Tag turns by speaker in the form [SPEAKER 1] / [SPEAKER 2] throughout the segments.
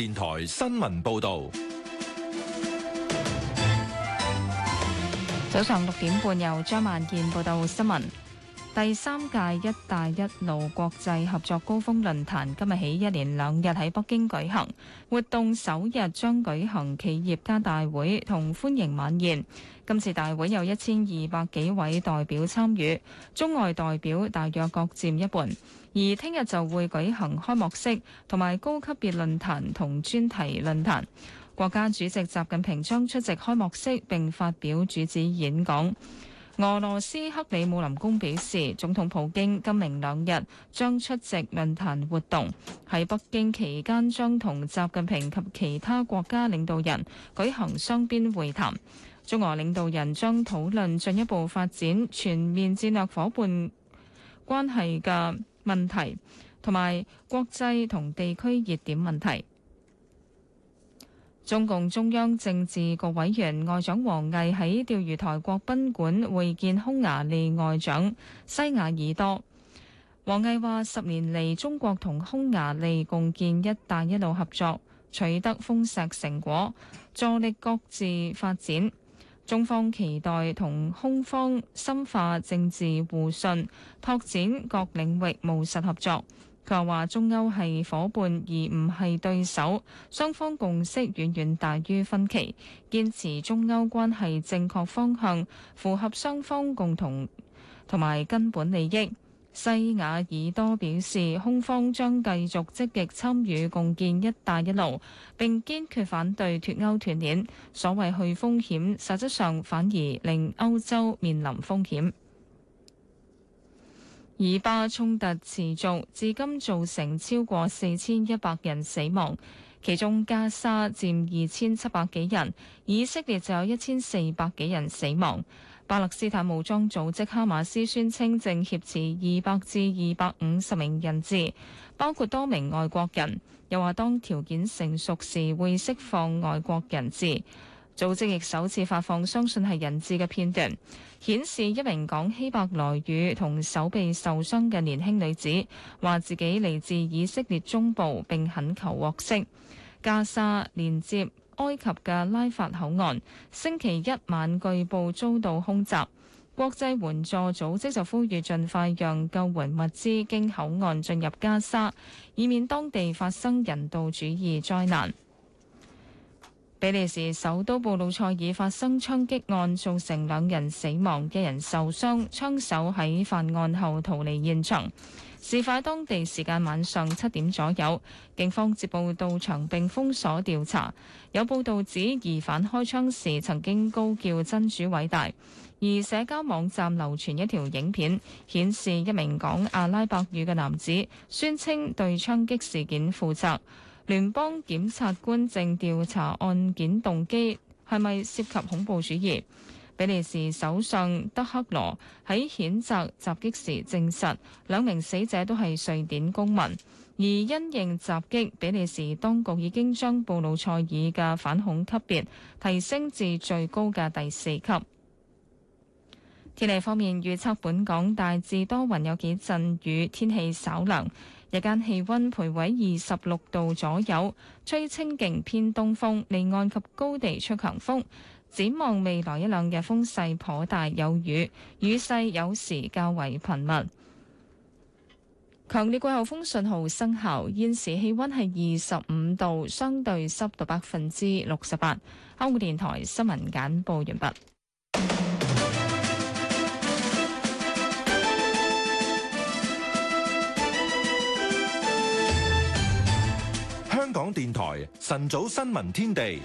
[SPEAKER 1] 電台新聞報道。
[SPEAKER 2] 早上六點半，由張萬健報道新聞。第三屆「一帶一路」國際合作高峰論壇今日起一連兩日喺北京舉行，活動首日將舉行企業家大會同歡迎晚宴。今次大會有一千二百幾位代表參與，中外代表大約各佔一半。而聽日就會舉行開幕式同埋高級別論壇同專題論壇。國家主席習近平將出席開幕式並發表主旨演講。俄羅斯克里姆林宮表示，總統普京今明兩日將出席論壇活動。喺北京期間，將同習近平及其他國家領導人舉行雙邊會談。中俄領導人將討論進一步發展全面戰略夥伴關係嘅問題，同埋國際同地區熱點問題。中共中央政治局委員外長王毅喺釣魚台國賓館會見匈牙利外長西雅爾多。王毅話十年嚟，中國同匈牙利共建「一帶一路」合作取得豐碩成果，助力各自發展。中方期待同匈方深化政治互信，拓展各領域務實合作。佢話：中歐係伙伴而唔係對手，雙方共識遠遠大於分歧，堅持中歐關係正確方向，符合雙方共同同埋根本利益。西亞爾多表示，匈方將繼續積極參與共建「一帶一路」，並堅決反對脫歐斷鏈，所謂去風險，實質上反而令歐洲面臨風險。以巴衝突持續，至今造成超過四千一百人死亡，其中加沙佔二千七百幾人，以色列就有一千四百幾人死亡。巴勒斯坦武裝組織哈馬斯宣稱正挾持二百至二百五十名人質，包括多名外國人，又話當條件成熟時會釋放外國人質。組織亦首次發放相信係人質嘅片段。顯示一名講希伯來語同手臂受傷嘅年輕女子，話自己嚟自以色列中部，並懇求獲釋。加沙連接埃及嘅拉法口岸，星期一晚據報遭到空襲。國際援助組織就呼籲盡快讓救援物資經口岸進入加沙，以免當地發生人道主義災難。比利時首都布魯塞爾發生槍擊案，造成兩人死亡、一人受傷，槍手喺犯案後逃離現場。事發當地時間晚上七點左右，警方接報到場並封鎖調查。有報道指疑犯開槍時曾經高叫真主偉大，而社交網站流傳一條影片，顯示一名講阿拉伯語嘅男子宣稱對槍擊事件負責。聯邦檢察官正調查案件動機，係咪涉及恐怖主義？比利時首相德克羅喺譴責襲擊時證實，兩名死者都係瑞典公民。而因應襲擊，比利時當局已經將布魯塞爾嘅反恐級別提升至最高嘅第四級。天氣方面預測，本港大致多雲，有幾陣雨，天氣稍涼。日間氣溫徘徊二十六度左右，吹清勁偏東風，離岸及高地吹強風。展望未來一兩日風勢頗大有雨，雨勢有時較為頻密。強烈季候風信號生效，現時氣溫係二十五度，相對濕度百分之六十八。香港電台新聞簡報完畢。
[SPEAKER 1] 電台晨早新聞天地，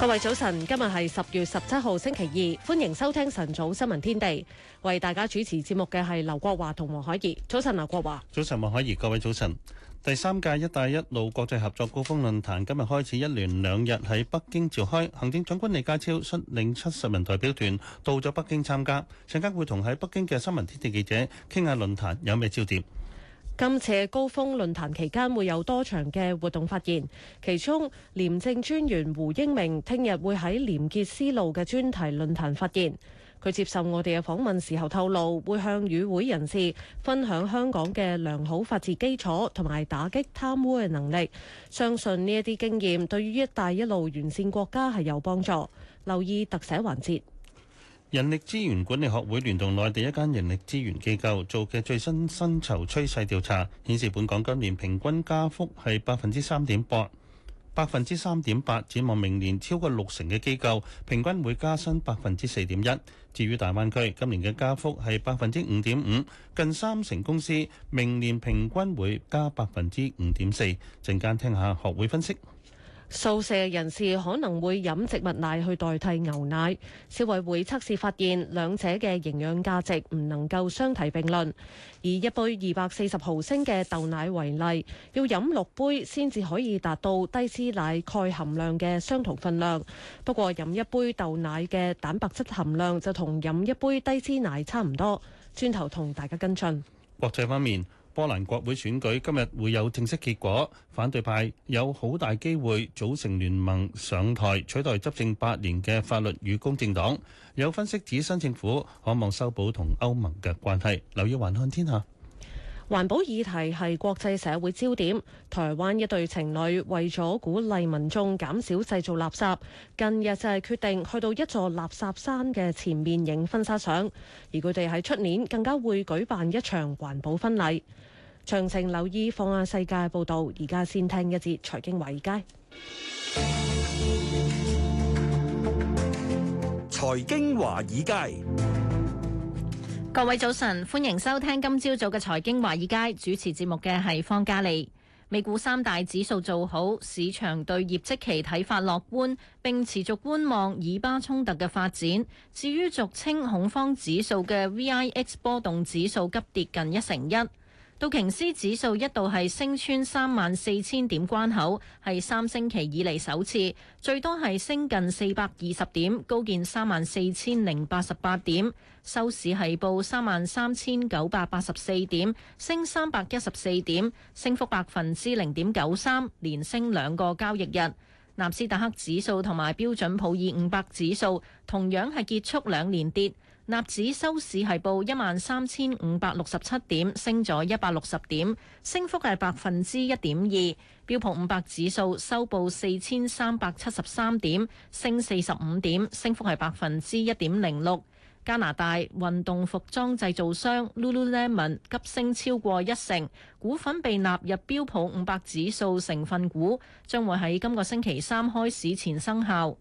[SPEAKER 3] 各位早晨，今日係十月十七號星期二，歡迎收聽晨早新聞天地。為大家主持節目嘅係劉國華同黃海怡。早晨，劉國華。
[SPEAKER 4] 早晨，黃海怡。各位早晨。第三屆一帶一路國際合作高峰論壇今日開始一連兩日喺北京召開，行政長官李家超率領七十人代表團到咗北京參加，陣間會同喺北京嘅新聞天地記者傾下論壇有咩焦點。
[SPEAKER 3] 今次嘅高峰論壇期間會有多場嘅活動發言，其中廉政專員胡英明聽日會喺廉潔思路嘅專題論壇發言。佢接受我哋嘅訪問時候透露，會向與會人士分享香港嘅良好法治基礎同埋打擊貪污嘅能力。相信呢一啲經驗對於一帶一路完善國家係有幫助。留意特寫環節。
[SPEAKER 4] 人力資源管理學會聯同內地一間人力資源機構做嘅最新薪酬趨勢調查顯示，本港今年平均加幅係百分之三點八，百分之三點八，展望明年超過六成嘅機構平均會加薪百分之四點一。至於大灣區，今年嘅加幅係百分之五點五，近三成公司明年平均會加百分之五點四。陣間聽下學會分析。
[SPEAKER 3] 素食人士可能會飲植物奶去代替牛奶，消委會測試發現兩者嘅營養價值唔能夠相提並論。以一杯二百四十毫升嘅豆奶為例，要飲六杯先至可以達到低脂奶鈣含量嘅相同分量。不過飲一杯豆奶嘅蛋白質含量就同飲一杯低脂奶差唔多。轉頭同大家跟進。
[SPEAKER 4] 國際方面。波蘭國會選舉今日會有正式結果，反對派有好大機會組成聯盟上台，取代執政八年嘅法律與公正黨。有分析指新政府可望修補同歐盟嘅關係。留意環看天下。
[SPEAKER 3] 環保議題係國際社會焦點。台灣一對情侶為咗鼓勵民眾減少製造垃圾，近日就係決定去到一座垃圾山嘅前面影婚紗相，而佢哋喺出年更加會舉辦一場環保婚禮。詳情留意放眼世界報道，而家先聽一節財經華爾街。
[SPEAKER 5] 財經華爾街，
[SPEAKER 3] 各位早晨，
[SPEAKER 6] 歡迎收聽今朝早嘅財經華爾街，主持節目嘅係方嘉利。美股三大指數做好，市場對業績期睇法樂觀，並持續觀望以巴衝突嘅發展。至於俗稱恐慌指數嘅 VIX 波動指數急跌近一成一。道瓊斯指數一度係升穿三萬四千點關口，係三星期以嚟首次，最多係升近四百二十點，高見三萬四千零八十八點，收市係報三萬三千九百八十四點，升三百一十四點，升幅百分之零點九三，連升兩個交易日。納斯達克指數同埋標準普爾五百指數同樣，係結束兩連跌。納指收市係報一萬三千五百六十七點，升咗一百六十點，升幅係百分之一點二。標普五百指數收報四千三百七十三點，升四十五點，升幅係百分之一點零六。加拿大運動服裝製造商 Lululemon 急升超過一成，股份被納入標普五百指數成分股，將會喺今個星期三開市前生效。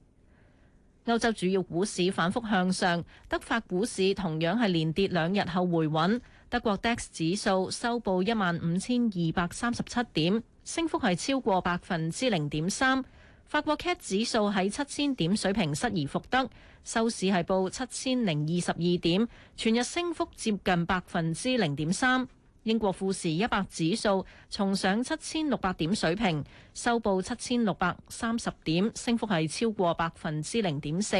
[SPEAKER 6] 歐洲主要股市反覆向上，德法股市同樣係連跌兩日後回穩。德國 DAX 指數收報一萬五千二百三十七點，升幅係超過百分之零點三。法國 CAC 指數喺七千點水平失而復得，收市係報七千零二十二點，全日升幅接近百分之零點三。英國富時一百指數重上七千六百點水平，收報七千六百三十點，升幅係超過百分之零點四。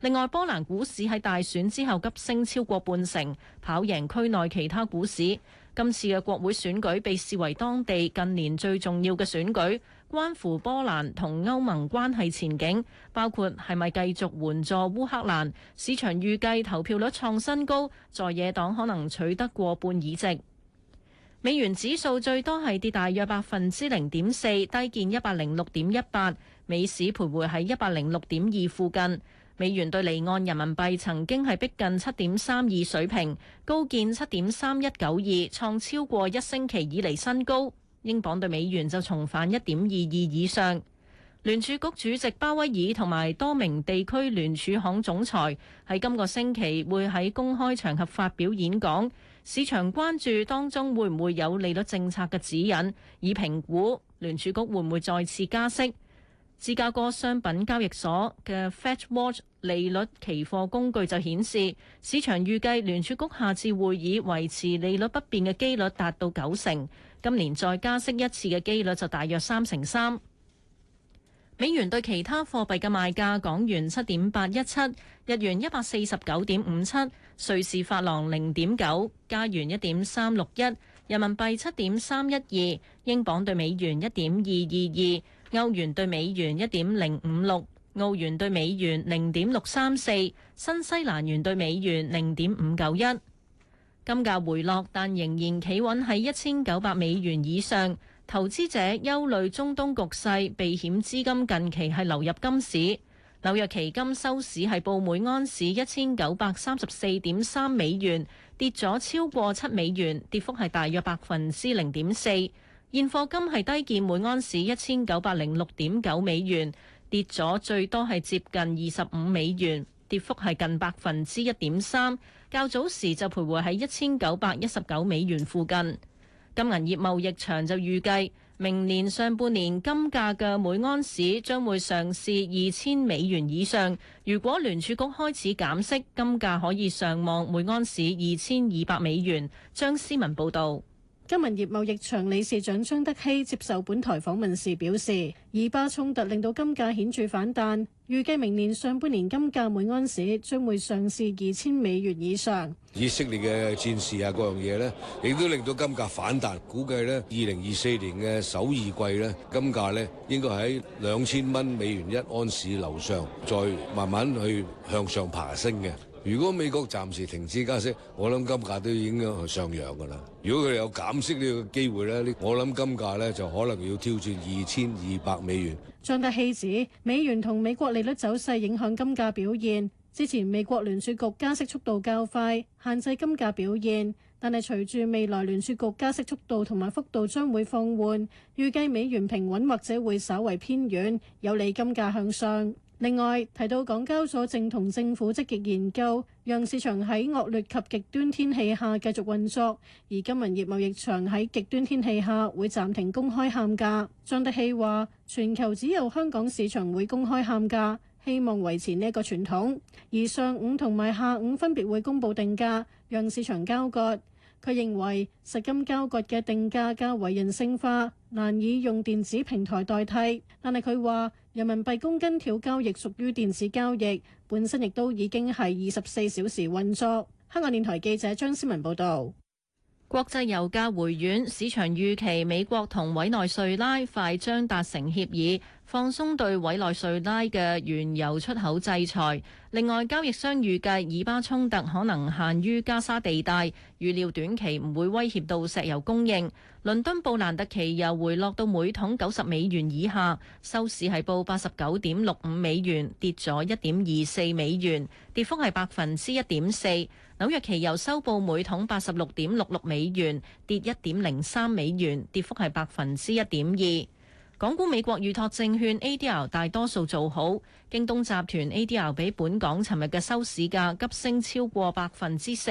[SPEAKER 6] 另外，波蘭股市喺大選之後急升超過半成，跑贏區內其他股市。今次嘅國會選舉被視為當地近年最重要嘅選舉，關乎波蘭同歐盟關係前景，包括係咪繼續援助烏克蘭。市場預計投票率創新高，在野黨可能取得過半議席。美元指數最多係跌大約百分之零點四，低見一百零六點一八，美市徘徊喺一百零六點二附近。美元對離岸人民幣曾經係逼近七點三二水平，高見七點三一九二，創超過一星期以嚟新高。英鎊對美元就重返一點二二以上。聯儲局主席鮑威爾同埋多名地區聯儲行總裁喺今個星期會喺公開場合發表演講。市場關注當中會唔會有利率政策嘅指引，以評估聯儲局會唔會再次加息。芝加哥商品交易所嘅 Fed Watch 利率期貨工具就顯示，市場預計聯儲局下次會議維持利率不變嘅機率達到九成，今年再加息一次嘅機率就大約三成三。美元對其他貨幣嘅賣價：港元七點八一七，日元一百四十九點五七，瑞士法郎零點九，加元一點三六一，人民幣七點三一二，英鎊對美元一點二二二，歐元對美元一點零五六，澳元對美元零點六三四，新西蘭元對美元零點五九一。金價回落，但仍然企穩喺一千九百美元以上。投資者憂慮中東局勢，避險資金近期係流入金市。紐約期金收市係報每安士一千九百三十四點三美元，跌咗超過七美元，跌幅係大約百分之零點四。現貨金係低見每安士一千九百零六點九美元，跌咗最多係接近二十五美元，跌幅係近百分之一點三。較早時就徘徊喺一千九百一十九美元附近。金銀業貿易場就預計明年上半年金價嘅每安士將會上試二千美元以上。如果聯儲局開始減息，金價可以上望每安士二千二百美元。張思文報導。
[SPEAKER 7] 金銀業貿易場理事長張德熙接受本台訪問時表示，以巴衝突令到金價顯著反彈，預計明年上半年金價每安士將會上市二千美元以上。
[SPEAKER 8] 以色列嘅戰事啊，各樣嘢咧，亦都令到金價反彈。估計咧，二零二四年嘅首二季咧，金價咧應該喺兩千蚊美元一安士樓上，再慢慢去向上爬升嘅。如果美國暫時停止加息，我諗金價都已經上揚㗎啦。如果佢哋有減息呢個機會咧，我諗金價咧就可能要挑戰二千二百美元。
[SPEAKER 7] 張德喜指美元同美國利率走勢影響金價表現。之前美國聯儲局加息速度較快，限制金價表現，但係隨住未來聯儲局加息速度同埋幅度將會放緩，預計美元平穩或者會稍為偏軟，有利金價向上。另外提到，港交所正同政府積極研究，讓市場喺惡劣及極端天氣下繼續運作，而金銀業貿易場喺極端天氣下會暫停公開喊價。張德熙話：全球只有香港市場會公開喊價，希望維持呢一個傳統。而上午同埋下午分別會公佈定價，讓市場交割。佢認為實金交割嘅定價較為人性化，難以用電子平台代替。但係佢話。人民幣公斤條交易屬於電子交易，本身亦都已經係二十四小時運作。香港電台記者張思文報導。
[SPEAKER 6] 國際油價回軟，市場預期美國同委內瑞拉快將達成協議。放鬆對委內瑞拉嘅原油出口制裁。另外，交易商預計以巴衝突可能限於加沙地帶，預料短期唔會威脅到石油供應。倫敦布蘭特期油回落到每桶九十美元以下，收市係報八十九點六五美元，跌咗一點二四美元，跌幅係百分之一點四。紐約期油收報每桶八十六點六六美元，跌一點零三美元，跌幅係百分之一點二。港股美國預託證券 ADR 大多數做好，京東集團 ADR 比本港尋日嘅收市價急升超過百分之四，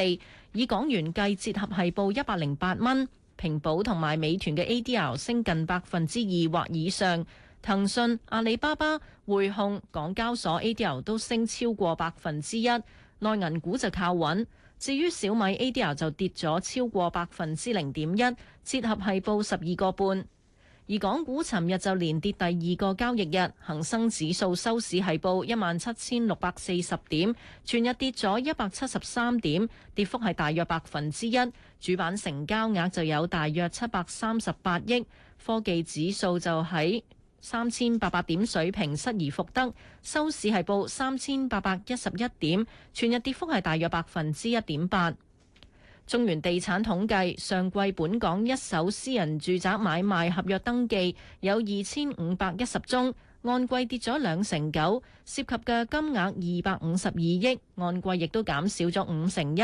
[SPEAKER 6] 以港元計折合係報一百零八蚊。平保同埋美團嘅 ADR 升近百分之二或以上，騰訊、阿里巴巴、匯控、港交所 ADR 都升超過百分之一。內銀股就靠穩，至於小米 ADR 就跌咗超過百分之零點一，折合係報十二個半。而港股尋日就連跌第二個交易日，恒生指數收市係報一萬七千六百四十點，全日跌咗一百七十三點，跌幅係大約百分之一。主板成交額就有大約七百三十八億。科技指數就喺三千八百點水平失而復得，收市係報三千八百一十一點，全日跌幅係大約百分之一點八。中原地產統計，上季本港一手私人住宅買賣合約登記有二千五百一十宗，按季跌咗兩成九，涉及嘅金額二百五十二億，按季亦都減少咗五成一，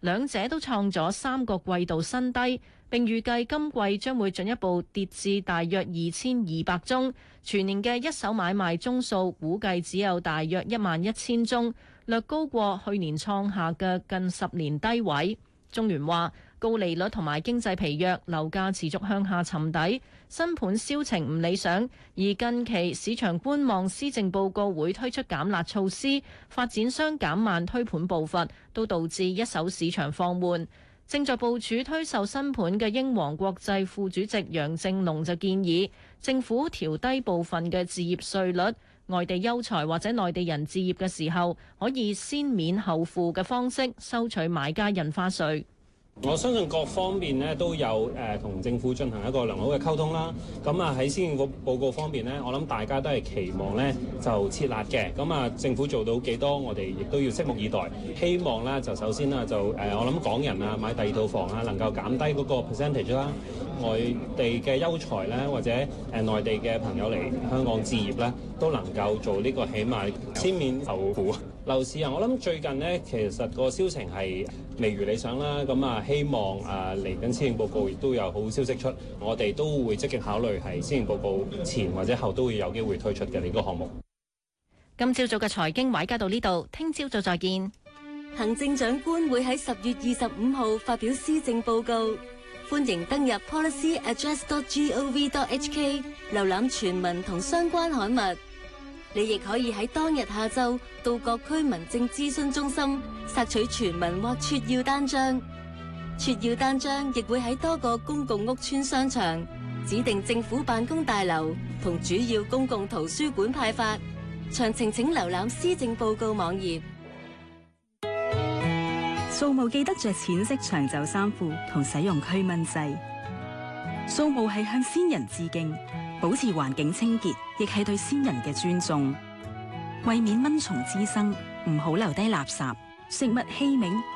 [SPEAKER 6] 兩者都創咗三個季度新低，並預計今季將會進一步跌至大約二千二百宗，全年嘅一手買賣宗數估計只有大約一萬一千宗，略高過去年創下嘅近十年低位。中原話高利率同埋經濟疲弱，樓價持續向下沉底，新盤銷情唔理想。而近期市場觀望，施政報告會推出減辣措施，發展商減慢推盤步伐，都導致一手市場放緩。正在部署推售新盤嘅英皇國際副主席楊正龍就建議政府調低部分嘅置業稅率。外地優才或者內地人置業嘅時候，可以先免後付嘅方式收取買家印花稅。
[SPEAKER 9] 我
[SPEAKER 4] 相信各方面咧都有誒同、呃、政府進行一個良好嘅溝通啦。咁啊喺施政報告方面咧，我諗大家都係期望咧就設立嘅。咁、嗯、啊，政府做到幾多，我哋亦都要拭目以待。希望咧就首先啦就誒、呃，我諗港人啊買第二套房啊，能夠減低嗰個 percentage 啦。外地嘅優才咧或者誒內、呃、
[SPEAKER 5] 地嘅朋友嚟香港置業咧，都能夠做呢、這個起碼先免後徵。樓市啊，我諗最近咧其實個銷情係未如理想啦。咁、嗯、啊。希
[SPEAKER 4] 望誒嚟緊，啊、施政報告亦都有好消息出。我哋都會積極考慮，係施政報告前或者後都會有機會推出嘅呢個項目。
[SPEAKER 6] 今朝早嘅財經話家到呢度，聽朝早再見。行政長官會喺十月二十五號發表施政報告，歡迎登入 policyaddress.gov.hk 瀏覽全文同相關刊物。你亦可以喺當日下晝到各區民政諮詢中心索取全文或撮要單張。撮要單張亦會喺多個公共屋邨、商場、指定政府辦公大樓同主要公共圖書館派發。詳情請瀏覽施政報告網
[SPEAKER 2] 頁。掃墓記得着淺色長袖衫褲同使用驅蚊劑。掃墓係向先人致敬，保持環境清潔亦係對先人嘅尊重。為免蚊蟲滋生，唔好留低垃圾、食物器皿。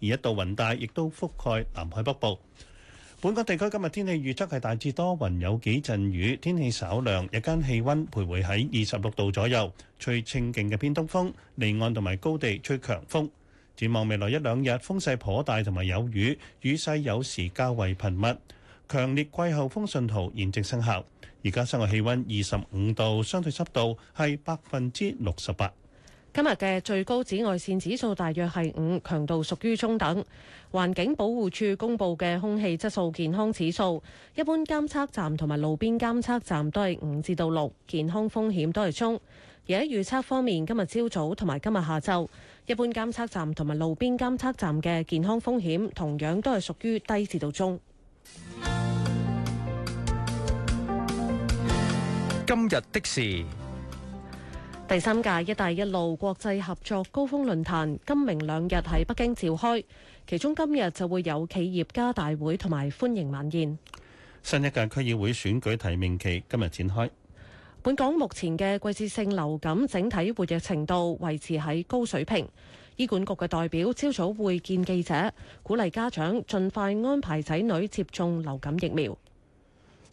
[SPEAKER 4] 而一道雲帶亦都覆蓋南海北部。本港地區今日天氣預測係大致多雲有幾陣雨，天氣稍涼，日間氣温徘徊喺二十六度左右，吹清勁嘅偏東風，離岸同埋高地吹強風。展望未來一兩日，風勢頗大同埋有雨，雨勢有時較為頻密。強烈季候風信號現正生效。而家室外氣温二十五度，相對濕度係百分之六十八。
[SPEAKER 3] 今日嘅最高紫外線指數大約係五，強度屬於中等。環境保護署公布嘅空氣質素健康指數，一般監測站同埋路邊監測站都係五至到六，健康風險都係中。而喺預測方面，今日朝早同埋今日下晝，一般監測站同埋路邊監測站嘅健康風險同樣都係屬於低至到中。
[SPEAKER 8] 今日的時。
[SPEAKER 3] 第三屆「一帶一路」國際合作高峰論壇今明兩日喺北京召開，其中今日就會有企業家大會同埋歡迎晚宴。
[SPEAKER 4] 新一屆區議會選舉提名期今日展開。
[SPEAKER 3] 本港目前嘅季節性流感整體活躍程度維持喺高水平。醫管局嘅代表朝早會見記者，鼓勵家長盡快安排仔女接種流感疫苗。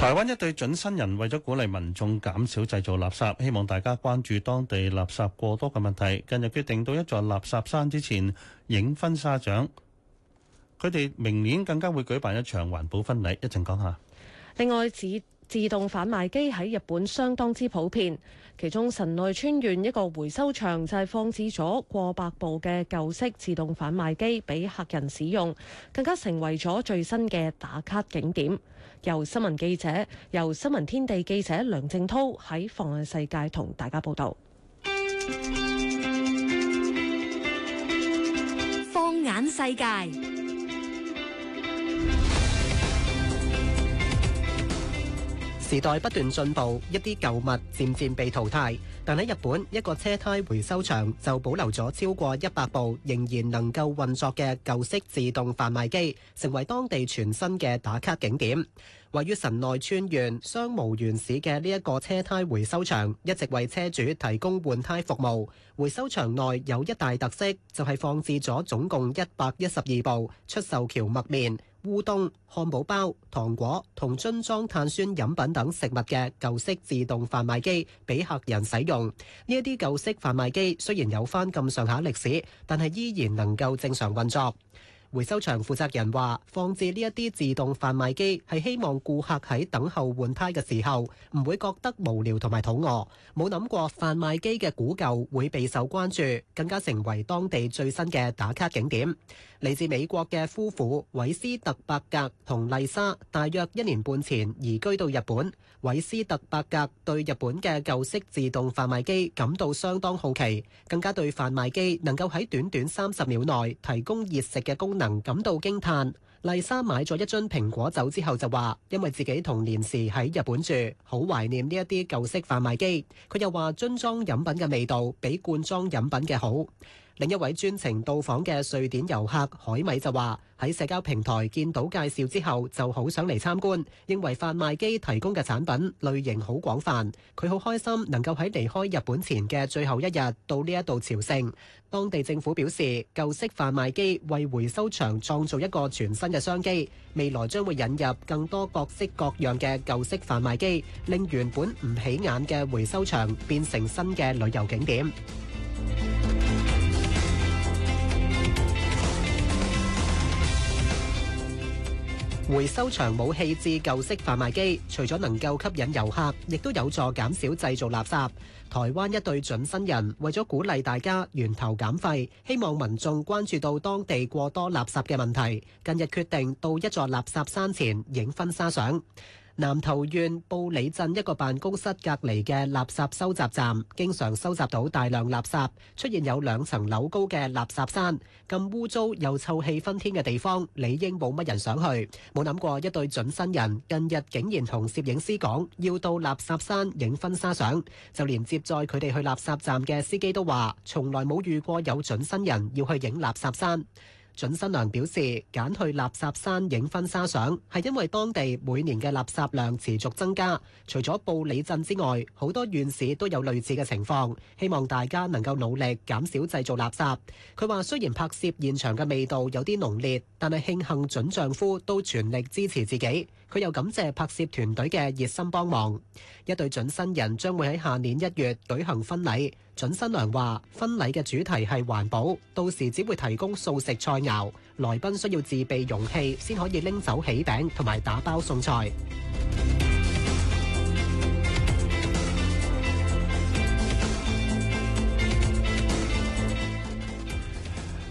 [SPEAKER 4] 台灣一對準新人為咗鼓勵民眾減少製造垃圾，希望大家關注當地垃圾過多嘅問題。近日決定到一座垃圾山之前影婚紗相。佢哋明年更加會舉辦一場環保婚禮。一陣講下。
[SPEAKER 3] 另外，自自動販賣機喺日本相當之普遍，其中神奈川縣一個回收場就係放置咗過百部嘅舊式自動販賣機俾客人使用，更加成為咗最新嘅打卡景點。由新聞記者、由新聞天地記者梁正滔喺《放眼世界》同大家報道，
[SPEAKER 10] 《放眼世界》。時代不斷進步，一啲舊物漸漸被淘汰，但喺日本，一個車胎回收場就保留咗超過一百部仍然能夠運作嘅舊式自動販賣機，成為當地全新嘅打卡景點。位於神奈川縣相模原市嘅呢一個車胎回收場，一直為車主提供換胎服務。回收場內有一大特色，就係、是、放置咗總共一百一十二部出售蕎麥麵、烏冬、漢堡包、糖果同樽裝碳酸飲品等食物嘅舊式自動販賣機俾客人使用。呢一啲舊式販賣機雖然有翻咁上下歷史，但係依然能夠正常運作。回收場負責人話：放置呢一啲自動販賣機係希望顧客喺等候換胎嘅時候唔會覺得無聊同埋肚餓，冇諗過販賣機嘅古舊會備受關注，更加成為當地最新嘅打卡景點。嚟自美國嘅夫婦韋斯特伯格同麗莎，大約一年半前移居到日本。韋斯特伯格對日本嘅舊式自動販賣機感到相當好奇，更加對販賣機能夠喺短短三十秒內提供熱食嘅功能。能感到驚嘆。麗莎買咗一樽蘋果酒之後就話：因為自己童年時喺日本住，好懷念呢一啲舊式販賣機。佢又話樽裝飲品嘅味道比罐裝飲品嘅好。另一位專程到訪嘅瑞典遊客海米就話：喺社交平台見到介紹之後，就好想嚟參觀，認為販賣機提供嘅產品類型好廣泛。佢好開心能夠喺離開日本前嘅最後一日到呢一度朝聖。當地政府表示，舊式販賣機為回收場創造一個全新嘅商機，未來將會引入更多各式各樣嘅舊式販賣機，令原本唔起眼嘅回收場變成新嘅旅遊景點。回收場武器至舊式販賣機，除咗能夠吸引遊客，亦都有助減少製造垃圾。台灣一對準新人為咗鼓勵大家源頭減廢，希望民眾關注到當地過多垃圾嘅問題，近日決定到一座垃圾山前影婚紗相。南投縣布里鎮一個辦公室隔離嘅垃圾收集站，經常收集到大量垃圾，出現有兩層樓高嘅垃圾山。咁污糟又臭氣熏天嘅地方，理應冇乜人想去。冇諗過一對準新人，近日竟然同攝影師講要到垃圾山影婚紗相，就連接載佢哋去垃圾站嘅司機都話，從來冇遇過有準新人要去影垃圾山。準新娘表示，揀去垃圾山影婚紗相，係因為當地每年嘅垃圾量持續增加。除咗布里鎮之外，好多縣市都有類似嘅情況。希望大家能夠努力減少製造垃圾。佢話：雖然拍攝現場嘅味道有啲濃烈，但係慶幸準丈夫都全力支持自己。佢又感謝拍攝團隊嘅熱心幫忙。一對準新人將會喺下年一月舉行婚禮。準新娘話：婚禮嘅主題係環保，到時只會提供素食菜肴。來賓需要自備容器，先可以拎走喜餅同埋打包送菜。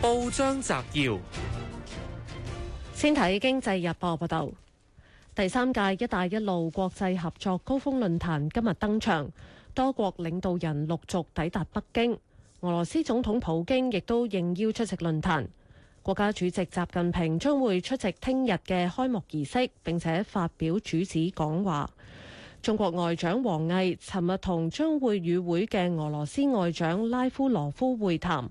[SPEAKER 5] 報章摘要，
[SPEAKER 3] 先睇經濟日報報道，第三屆“一帶一路”國際合作高峰論壇今日登場，多國領導人陸續抵達北京，俄羅斯總統普京亦都應邀出席論壇。國家主席習近平將會出席聽日嘅開幕儀式，並且發表主旨講話。中國外長王毅尋日同將會與會嘅俄羅斯外長拉夫羅夫會談。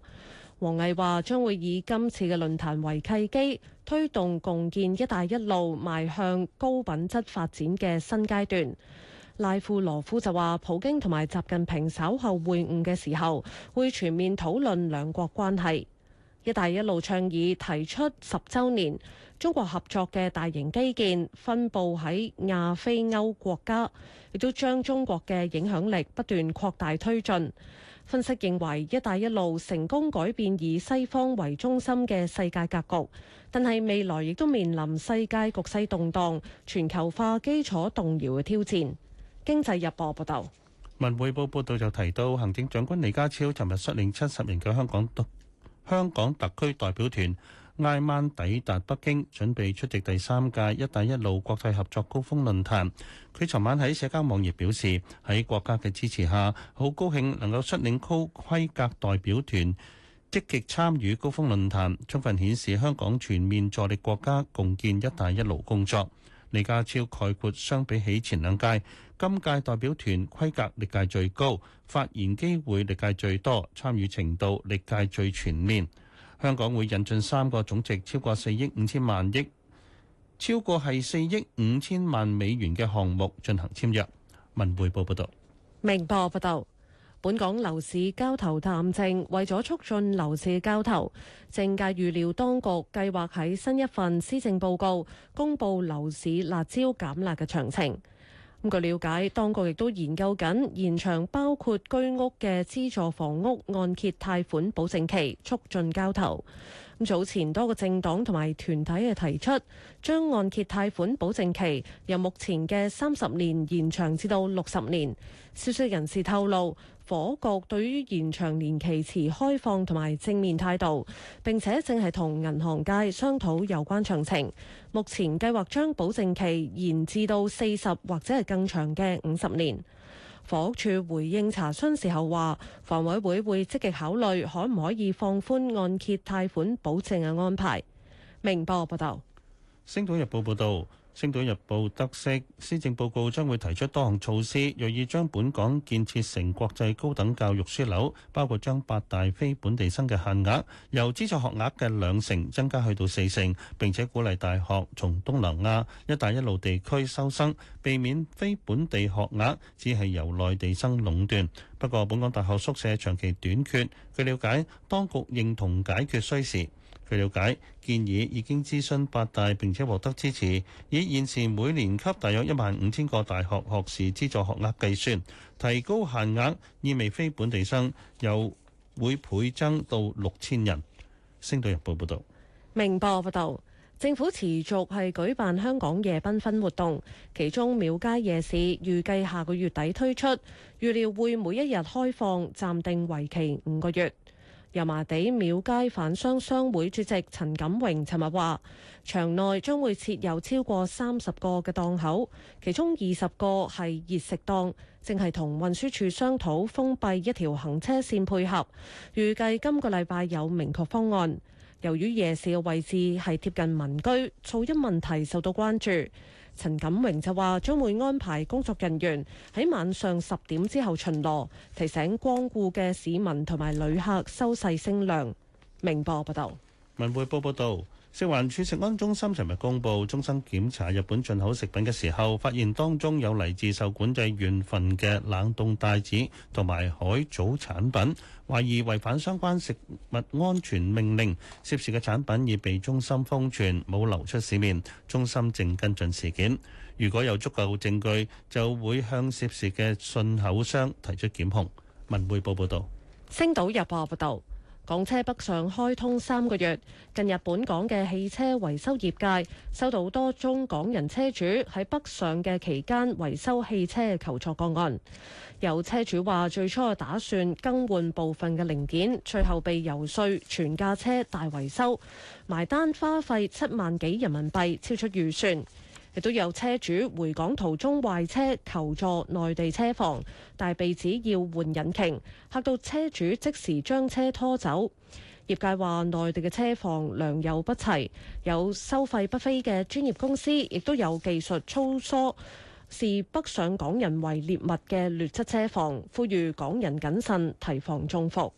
[SPEAKER 3] 王毅話將會以今次嘅論壇為契機，推動共建「一帶一路」邁向高品質發展嘅新階段。拉夫羅夫就話，普京同埋習近平稍後會晤嘅時候，會全面討論兩國關係。「一帶一路」倡議提出十週年，中國合作嘅大型基建分佈喺亞非歐國家，亦都將中國嘅影響力不斷擴大推進。分析認為，「一帶一路」成功改變以西方為中心嘅世界格局，但係未來亦都面臨世界局勢動盪、全球化基礎動搖嘅挑戰。經濟日報報道，
[SPEAKER 4] 文匯報報道就提到，行政長官李家超尋日率領七十名嘅香港特香港特區代表團。挨晚抵達北京，準備出席第三屆「一帶一路」國際合作高峰論壇。佢尋晚喺社交網頁表示：喺國家嘅支持下，好高興能夠率領高規格代表團，積極參與高峰論壇，充分顯示香港全面助力國家共建「一帶一路」工作。李家超概括：相比起前兩屆，今屆代表團規格歷屆最高，發言機會歷屆最多，參與程度歷屆最全面。香港會引進三個總值超過四億五千萬億，超過係四億五千萬美元嘅項目進行簽約。文匯報報道。
[SPEAKER 3] 明報報道，本港樓市交投淡靜，為咗促進樓市交投，政界預料當局計劃喺新一份施政報告公佈樓市辣招減辣嘅詳情。咁據了解，當局亦都研究緊延長包括居屋嘅資助房屋按揭貸款保證期，促進交投。早前多個政黨同埋團體嘅提出，將按揭貸款保證期由目前嘅三十年延長至到六十年。消息人士透露。房局對於延長年期持開放同埋正面態度，並且正係同銀行界商討有關詳情。目前計劃將保證期延至到四十或者係更長嘅五十年。房屋處回應查詢時候話，房委會會積極考慮可唔可以放寬按揭貸款保證嘅安排。明報，報道。
[SPEAKER 4] 《星島日報》報道。《星島日報》得悉，施政報告將會提出多項措施，銳意將本港建設成國際高等教育樞紐，包括將八大非本地生嘅限額由資助學額嘅兩成增加去到四成，並且鼓勵大學從東南亞、「一帶一路」地區收生，避免非本地學額只係由內地生壟斷。不過，本港大學宿舍長期短缺，據了解，當局認同解決需時。據了解，建議已經諮詢八大並且獲得支持，以現時每年給大約一萬五千個大學學士資助學額計算，提高限額意味非本地生又會倍增到六千人。星島日報報道：
[SPEAKER 3] 明「明報報導，政府持續係舉辦香港夜繽紛活動，其中廟街夜市預計下個月底推出，預料會每一日開放，暫定為期五個月。油麻地廟街販商商會主席陳錦榮尋日話：場內將會設有超過三十個嘅檔口，其中二十個係熱食檔，正係同運輸署商討封閉一條行車線配合。預計今個禮拜有明確方案。由於夜市嘅位置係貼近民居，噪音問題受到關注。陳錦榮就話，將會安排工作人員喺晚上十點之後巡邏，提醒光顧嘅市民同埋旅客收細聲量。明報報道，
[SPEAKER 4] 文匯報報道，食環署食安中心尋日公布，中心檢查日本進口食品嘅時候，發現當中有嚟自受管制縣份嘅冷凍帶子同埋海藻產品。懷疑違反相關食物安全命令，涉事嘅產品已被中心封存，冇流出市面。中心正跟進事件，如果有足夠證據，就會向涉事嘅信口商提出檢控。文匯報報道。
[SPEAKER 3] 星島日報報道。港車北上開通三個月，近日本港嘅汽車維修業界收到多宗港人車主喺北上嘅期間維修汽車求助個案。有車主話最初打算更換部分嘅零件，最後被遊說全架車大維修，埋單花費七萬幾人民幣，超出預算。亦都有車主回港途中壞車求助內地車房，但被指要換引擎，嚇到車主即時將車拖走。業界話內地嘅車房良莠不齊，有收費不菲嘅專業公司，亦都有技術粗疏、視北上港人為獵物嘅劣質車房，呼籲港人謹慎提防中伏。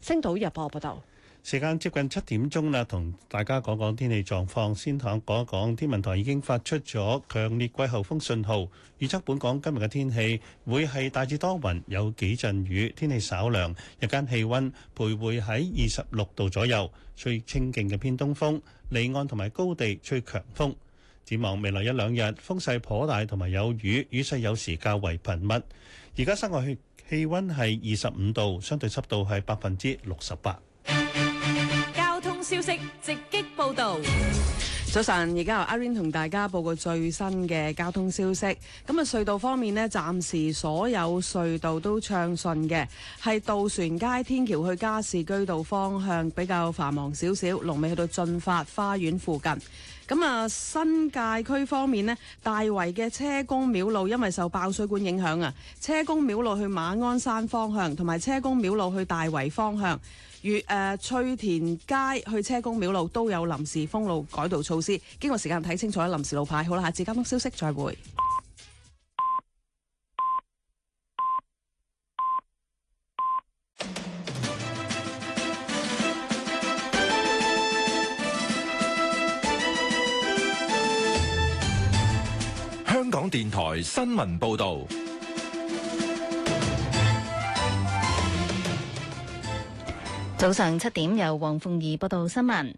[SPEAKER 3] 星島日報報道。
[SPEAKER 4] 時間接近七點鐘啦，同大家講講天氣狀況。先講講天文台已經發出咗強烈季候風信號，預測本港今日嘅天氣會係大致多雲，有幾陣雨，天氣稍涼，日間氣温徘徊喺二十六度左右，吹清勁嘅偏東風，離岸同埋高地吹強風。展望未來一兩日風勢頗大，同埋有雨，雨勢有時較為頻密。而家室外氣溫係二十五度，相對濕度係百分之六十
[SPEAKER 11] 八。生消息，直擊報道。早晨，而家由阿 Rain 同大家報告最新嘅交通消息。咁啊，隧道方面呢，暫時所有隧道都暢順嘅，係渡船街天橋去加士居道方向比較繁忙少少，龍尾去到駿發花園附近。咁啊，新界區方面呢，大圍嘅車公廟路因為受爆水管影響啊，車公廟路去馬鞍山方向同埋車公廟路去大圍方向。如誒、呃、翠田街去車公廟路都有臨時封路改道措施，經過時間睇清楚啲臨時路牌。好啦，下次交通消息再會。
[SPEAKER 1] 香港電台新聞報道。
[SPEAKER 12] 早上七點，由黃鳳儀報道新聞。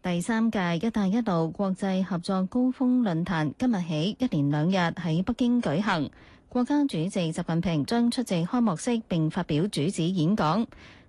[SPEAKER 12] 第三屆“一帶一路”國際合作高峰論壇今日起一連兩日喺北京舉行，國家主席習近平將出席開幕式並發表主旨演講。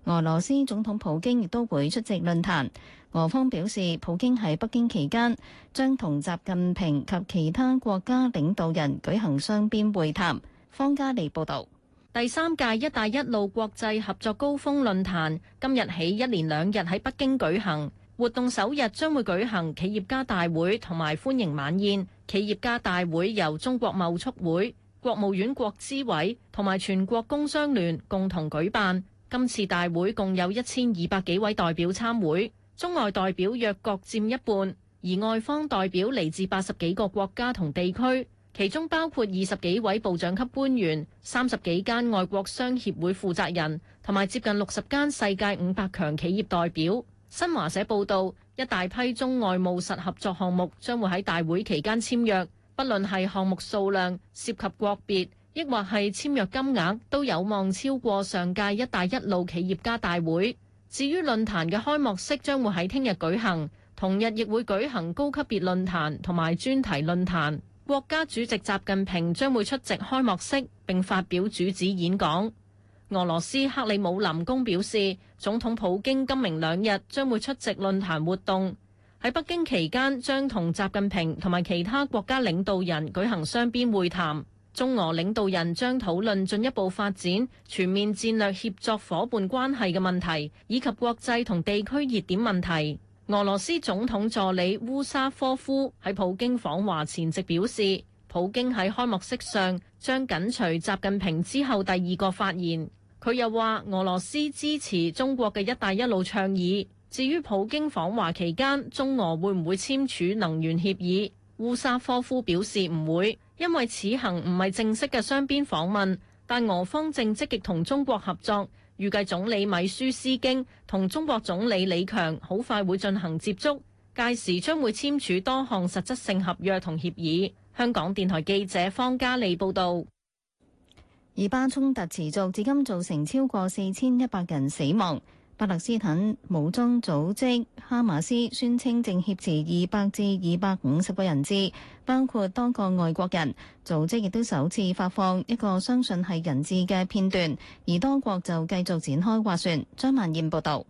[SPEAKER 12] 俄羅斯總統普京亦都會出席論壇。俄方表示，普京喺北京期間將同習近平及其他國家領導人舉行雙邊會談。方家莉報道。第三屆“一帶一路”國際合作高峰論壇
[SPEAKER 6] 今日起一連兩日喺北京舉行。活動首日將會舉行企業家大會同埋歡迎晚宴。企業家大會由中國貿促會、國務院國資委同埋全國工商聯共同舉辦。今次大會共有一千二百幾位代表參會，中外代表約各佔一半，而外方代表嚟自八十幾個國家同地區。其中包括二十幾位部長級官員，三十幾間外國商協會負責人，同埋接近六十間世界五百強企業代表。新華社報道，一大批中外務實合作項目將會喺大會期間簽約，不論係項目數量、涉及國別，亦或係簽約金額，都有望超過上屆“一帶一路”企業家大會。至於論壇嘅開幕式將會喺聽日舉行，同日亦會舉行高級別論壇同埋專題論壇。國家主席習近平將會出席開幕式，並發表主旨演講。俄羅斯克里姆林宮表示，總統普京今明兩日將會出席論壇活動。喺北京期間，將同習近平同埋其他國家領導人舉行雙邊會談。中俄領導人將討論進一步發展全面戰略協作夥伴關係嘅問題，以及國際同地區熱點問題。俄羅斯總統助理烏沙科夫喺普京訪華前夕表示，普京喺開幕式上將緊隨習近平之後第二個發言。佢又話俄羅斯支持中國嘅“一帶一路”倡議。至於普京訪華期間中俄會唔會簽署能源協議，烏沙科夫表示唔會，因為此行唔係正式嘅雙邊訪問。但俄方正積極同中國合作。預計總理米舒斯京同中國總理李強好快會進行接觸，屆時將會簽署多項實質性合約同協議。香港電台記者方嘉利報導。
[SPEAKER 12] 以巴衝突持續至今，造成超過四千一百人死亡。巴勒斯坦武裝組織哈馬斯宣稱正挾持二百至二百五十個人質，包括多個外國人。組織亦都首次發放一個相信係人質嘅片段，而多國就繼續展開斡旋，張曼燕報道。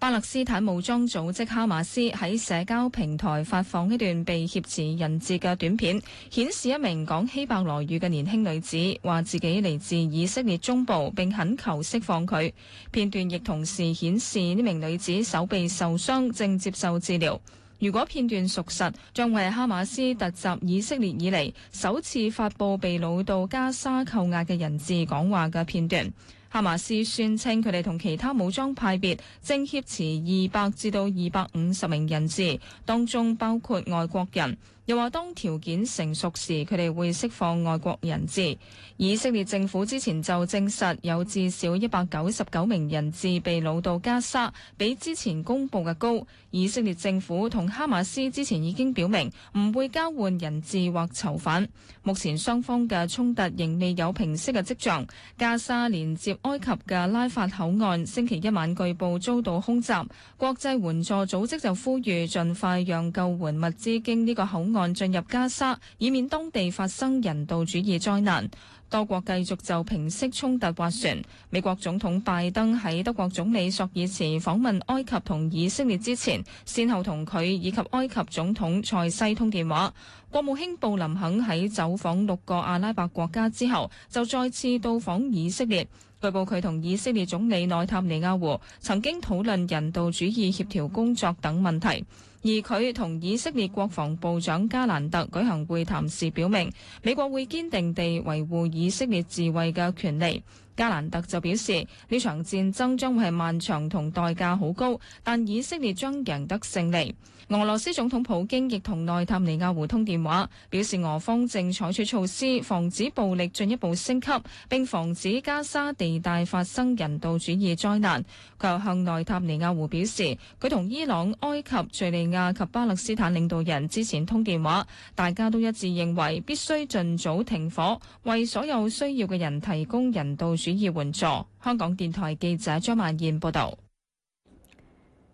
[SPEAKER 12] 巴勒斯坦武裝組織哈馬斯喺社交平台發放一段
[SPEAKER 2] 被挾持人質嘅短片，顯示一名講希伯來語嘅年輕女子話自己嚟自以色列中部，並懇求釋放佢。片段亦同時顯示呢名女子手臂受傷，正接受治療。如果片段屬實，將為哈馬斯突襲以色列以嚟首次發佈被擄到加沙扣押嘅人質講話嘅片段。哈馬斯宣稱，佢哋同其他武裝派別正挾持二百至到二百五十名人士，當中包括外國人。又話當條件成熟時，佢哋會釋放外國人質。以色列政府之前就證實有至少一百九十九名人質被擄到加沙，比之前公布嘅高。以色列政府同哈馬斯之前已經表明唔會交換人質或囚犯。目前雙方嘅衝突仍未有平息嘅跡象。加沙連接埃及嘅拉法口岸，星期一晚據報遭到空襲。國際援助組織就呼籲盡快讓救援物資經呢個口岸進入加沙，以免當地發生人道主義災難，多國繼續就平息衝突斡旋。美國總統拜登喺德國總理朔爾茨訪問埃及同以色列之前，先後同佢以及埃及總統塞西通電話。國務卿布林肯喺走訪六個阿拉伯國家之後，就再次到訪以色列。據報佢同以色列總理內塔尼亞胡曾經討論人道主義協調工作等問題。而佢同以色列國防部長加蘭特舉行會談時，表明美國會堅定地維護以色列自衛嘅權利。加蘭特就表示，呢場戰爭將會係漫長同代價好高，但以色列將贏得勝利。俄羅斯總統普京亦同內塔尼亞胡通電話，表示俄方正採取措施防止暴力進一步升級，並防止加沙地帶發生人道主義災難。佢又向內塔尼亞胡表示，佢同伊朗、埃及、敘利亞及巴勒斯坦領導人之前通電話，大家都一致認為必須盡早停火，為所有需要嘅人提供人道主義援助。香港電台記者張曼燕報道。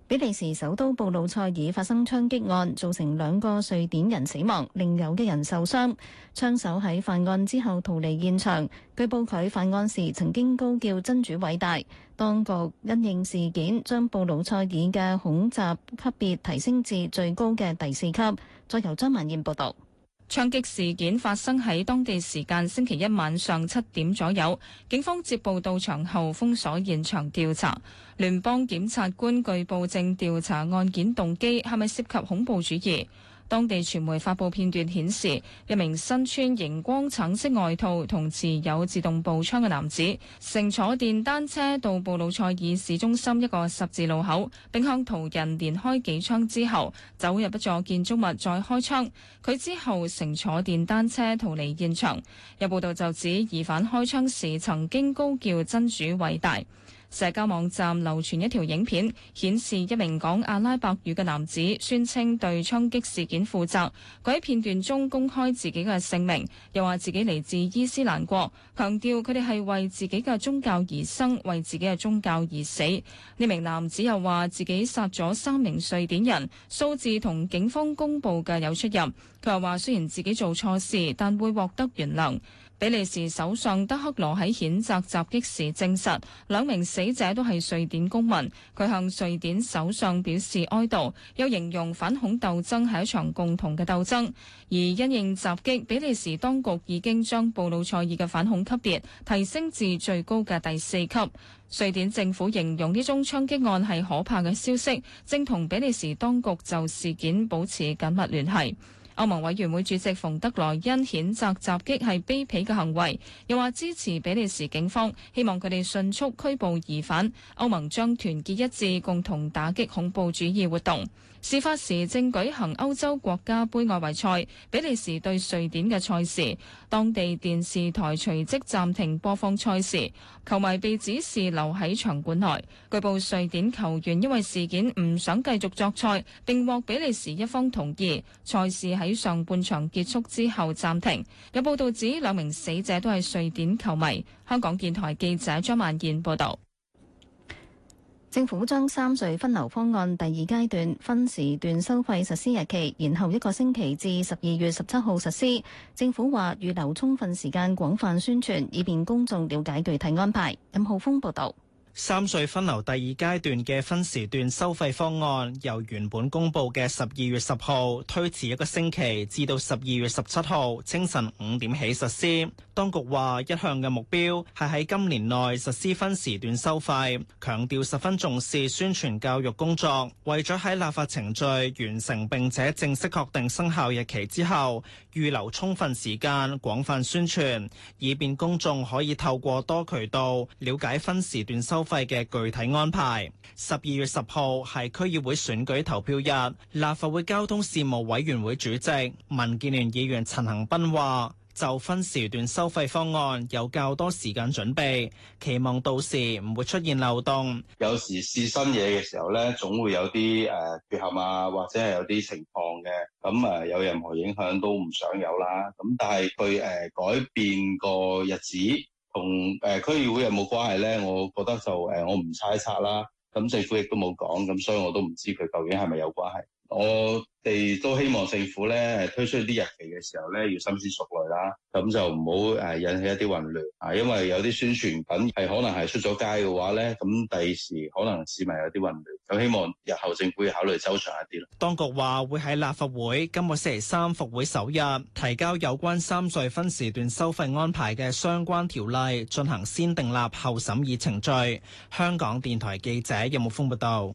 [SPEAKER 12] 比利時首都布魯塞爾發生槍擊案，造成兩個瑞典人死亡，另有一人受傷。槍手喺犯案之後逃離現場，據報佢犯案時曾經高叫真主偉大。當局因應事件，將布魯塞爾嘅恐襲級別提升至最高嘅第四級。再由張文燕報道。
[SPEAKER 2] 槍擊事件發生喺當地時間星期一晚上七點左右，警方接報到場後封鎖現場調查，聯邦檢察官據報正調查案件動機係咪涉及恐怖主義。當地傳媒發布片段顯示，一名身穿熒光橙色外套同持有自動步槍嘅男子，乘坐電單車到布魯塞爾市中心一個十字路口，並向途人連開幾槍之後，走入一座建築物再開槍。佢之後乘坐電單車逃離現場。有報道就指疑犯開槍時曾經高叫真主偉大。社交網站流傳一條影片，顯示一名講阿拉伯語嘅男子宣稱對槍擊事件負責。佢喺片段中公開自己嘅姓名，又話自己嚟自伊斯蘭國，強調佢哋係為自己嘅宗教而生，為自己嘅宗教而死。呢名男子又話自己殺咗三名瑞典人，數字同警方公佈嘅有出入。佢又話雖然自己做錯事，但會獲得原諒。比利時首相德克羅喺譴責襲擊時證實，兩名死者都係瑞典公民。佢向瑞典首相表示哀悼，又形容反恐鬥爭係一場共同嘅鬥爭。而因應襲擊，比利時當局已經將布魯塞爾嘅反恐級別提升至最高嘅第四級。瑞典政府形容呢宗槍擊案係可怕嘅消息，正同比利時當局就事件保持緊密聯繫。歐盟委員會主席馮德萊恩譴責襲擊係卑鄙嘅行為，又話支持比利時警方，希望佢哋迅速拘捕疑犯。歐盟將團結一致，共同打擊恐怖主義活動。事發時正舉行歐洲國家杯外圍賽，比利時對瑞典嘅賽事，當地電視台隨即暫停播放賽事，球迷被指示留喺場館內。據報瑞典球員因為事件唔想繼續作賽，並獲比利時一方同意，賽事喺上半場結束之後暫停。有報道指兩名死者都係瑞典球迷。香港電台記者張曼燕報道。
[SPEAKER 12] 政府將三隧分流方案第二階段分時段收費實施日期，延後一個星期至十二月十七號實施。政府話預留充分時間，廣泛宣傳，以便公眾了解具體安排。任浩峰報導。
[SPEAKER 13] 三隧分流第二階段嘅分時段收費方案，由原本公布嘅十二月十號推遲一個星期，至到十二月十七號清晨五點起實施。當局話，一向嘅目標係喺今年內實施分時段收費，強調十分重視宣傳教育工作，為咗喺立法程序完成並且正式確定生效日期之後，預留充分時間廣泛宣傳，以便公眾可以透過多渠道了解分時段收費。費嘅具體安排，十二月十號係區議會選舉投票日。立法會交通事務委員會主席、民建聯議員陳恒鑌話：就分時段收費方案有較多時間準備，期望到時唔會出現漏洞。
[SPEAKER 8] 有時試新嘢嘅時候咧，總會有啲誒、呃、缺陷啊，或者係有啲情況嘅，咁啊、呃、有
[SPEAKER 4] 任何影響都唔想有啦。咁但係佢誒改變個日子。
[SPEAKER 8] 同誒、呃、區議會有冇關係咧？我覺得就誒、呃，我唔猜測啦。咁政府亦都冇講，咁所以我都唔知佢究竟係咪有關係。我哋都希望政府咧推出啲日期嘅時候咧，要深思熟慮啦，咁就唔好誒引起一啲混亂啊，因為有啲宣傳品係可能係出咗街嘅話咧，咁第時可能市民有啲
[SPEAKER 4] 混亂，咁希望日後政府要考慮周詳一啲啦。
[SPEAKER 13] 當局話會喺立法會今個星期三復會首日提交有關三隧分時段收費安排嘅相關條例，進行先訂立後審議程序。香港電台記者任木峰報道。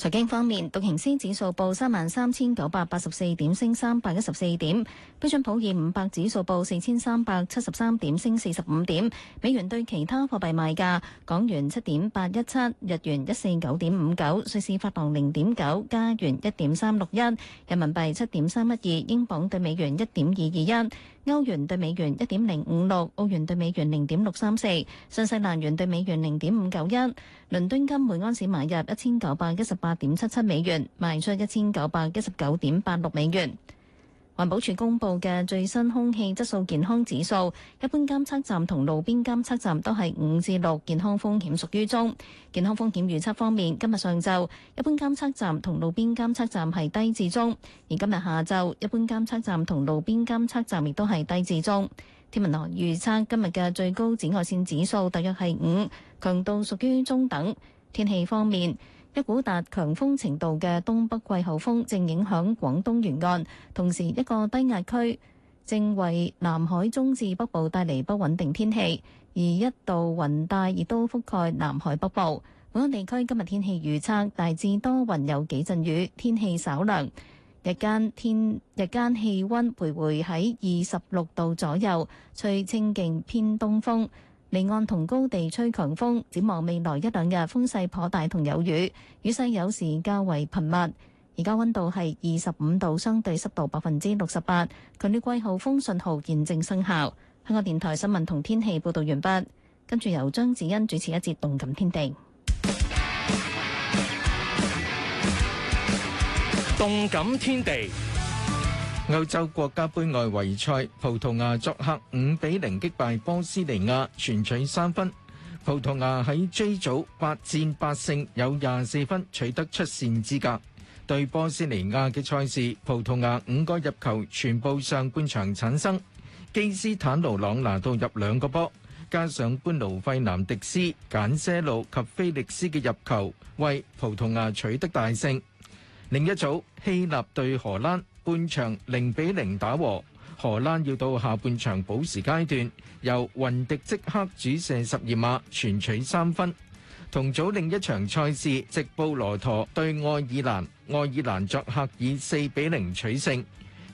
[SPEAKER 12] 財經方面，道瓊斯指數報三萬三千九百八十四點，升三百一十四點；標準普爾五百指數報四千三百七十三點，升四十五點。美元對其他貨幣賣價，港元七點八一七，日元一四九點五九，瑞士法郎零點九，加元一點三六一，人民幣七點三一二，英鎊對美元一點二二一。歐元對美元一點零五六，澳元對美元零點六三四，新西蘭元對美元零點五九一，倫敦金每安士買入一千九百一十八點七七美元，賣出一千九百一十九點八六美元。環保署公布嘅最新空氣質素健康指數，一般監測站同路邊監測站都係五至六，健康風險屬於中。健康風險預測方面，今日上晝一般監測站同路邊監測站係低至中，而今日下晝一般監測站同路邊監測站亦都係低至中。天文台預測今日嘅最高紫外線指數大約係五，強度屬於中等。天氣方面。一股達強風程度嘅東北季候風正影響廣東沿岸，同時一個低壓區正為南海中至北部帶嚟不穩定天氣，而一道雲帶亦都覆蓋南海北部。本地區今日天，天氣預測大致多雲有幾陣雨，天氣稍涼，日間天日間氣温徘徊喺二十六度左右，吹清勁偏東風。離岸同高地吹強風，展望未來一兩日風勢頗大同有雨，雨勢有時較為頻密。而家温度係二十五度，相對濕度百分之六十八。強烈季候風信號現正生效。香港電台新聞同天氣報道完畢，跟住由張子欣主持一節《動感天地》。
[SPEAKER 5] 《動感天地》
[SPEAKER 9] 歐洲國家杯外圍賽，葡萄牙作客五比零擊敗波斯尼亞，全取三分。葡萄牙喺 J 組八戰八勝，有廿四分取得出線資格。對波斯尼亞嘅賽事，葡萄牙五個入球全部上半場產生，基斯坦奴·朗拿度入兩個波，加上般奴費南迪斯、簡些路及菲力斯嘅入球，為葡萄牙取得大勝。另一組希臘對荷蘭。半場零比零打和，荷蘭要到下半場補時階段，由雲迪即刻主射十二碼，全取三分。同組另一場賽事，直布羅陀對愛爾蘭，愛爾蘭作客以四比零取勝。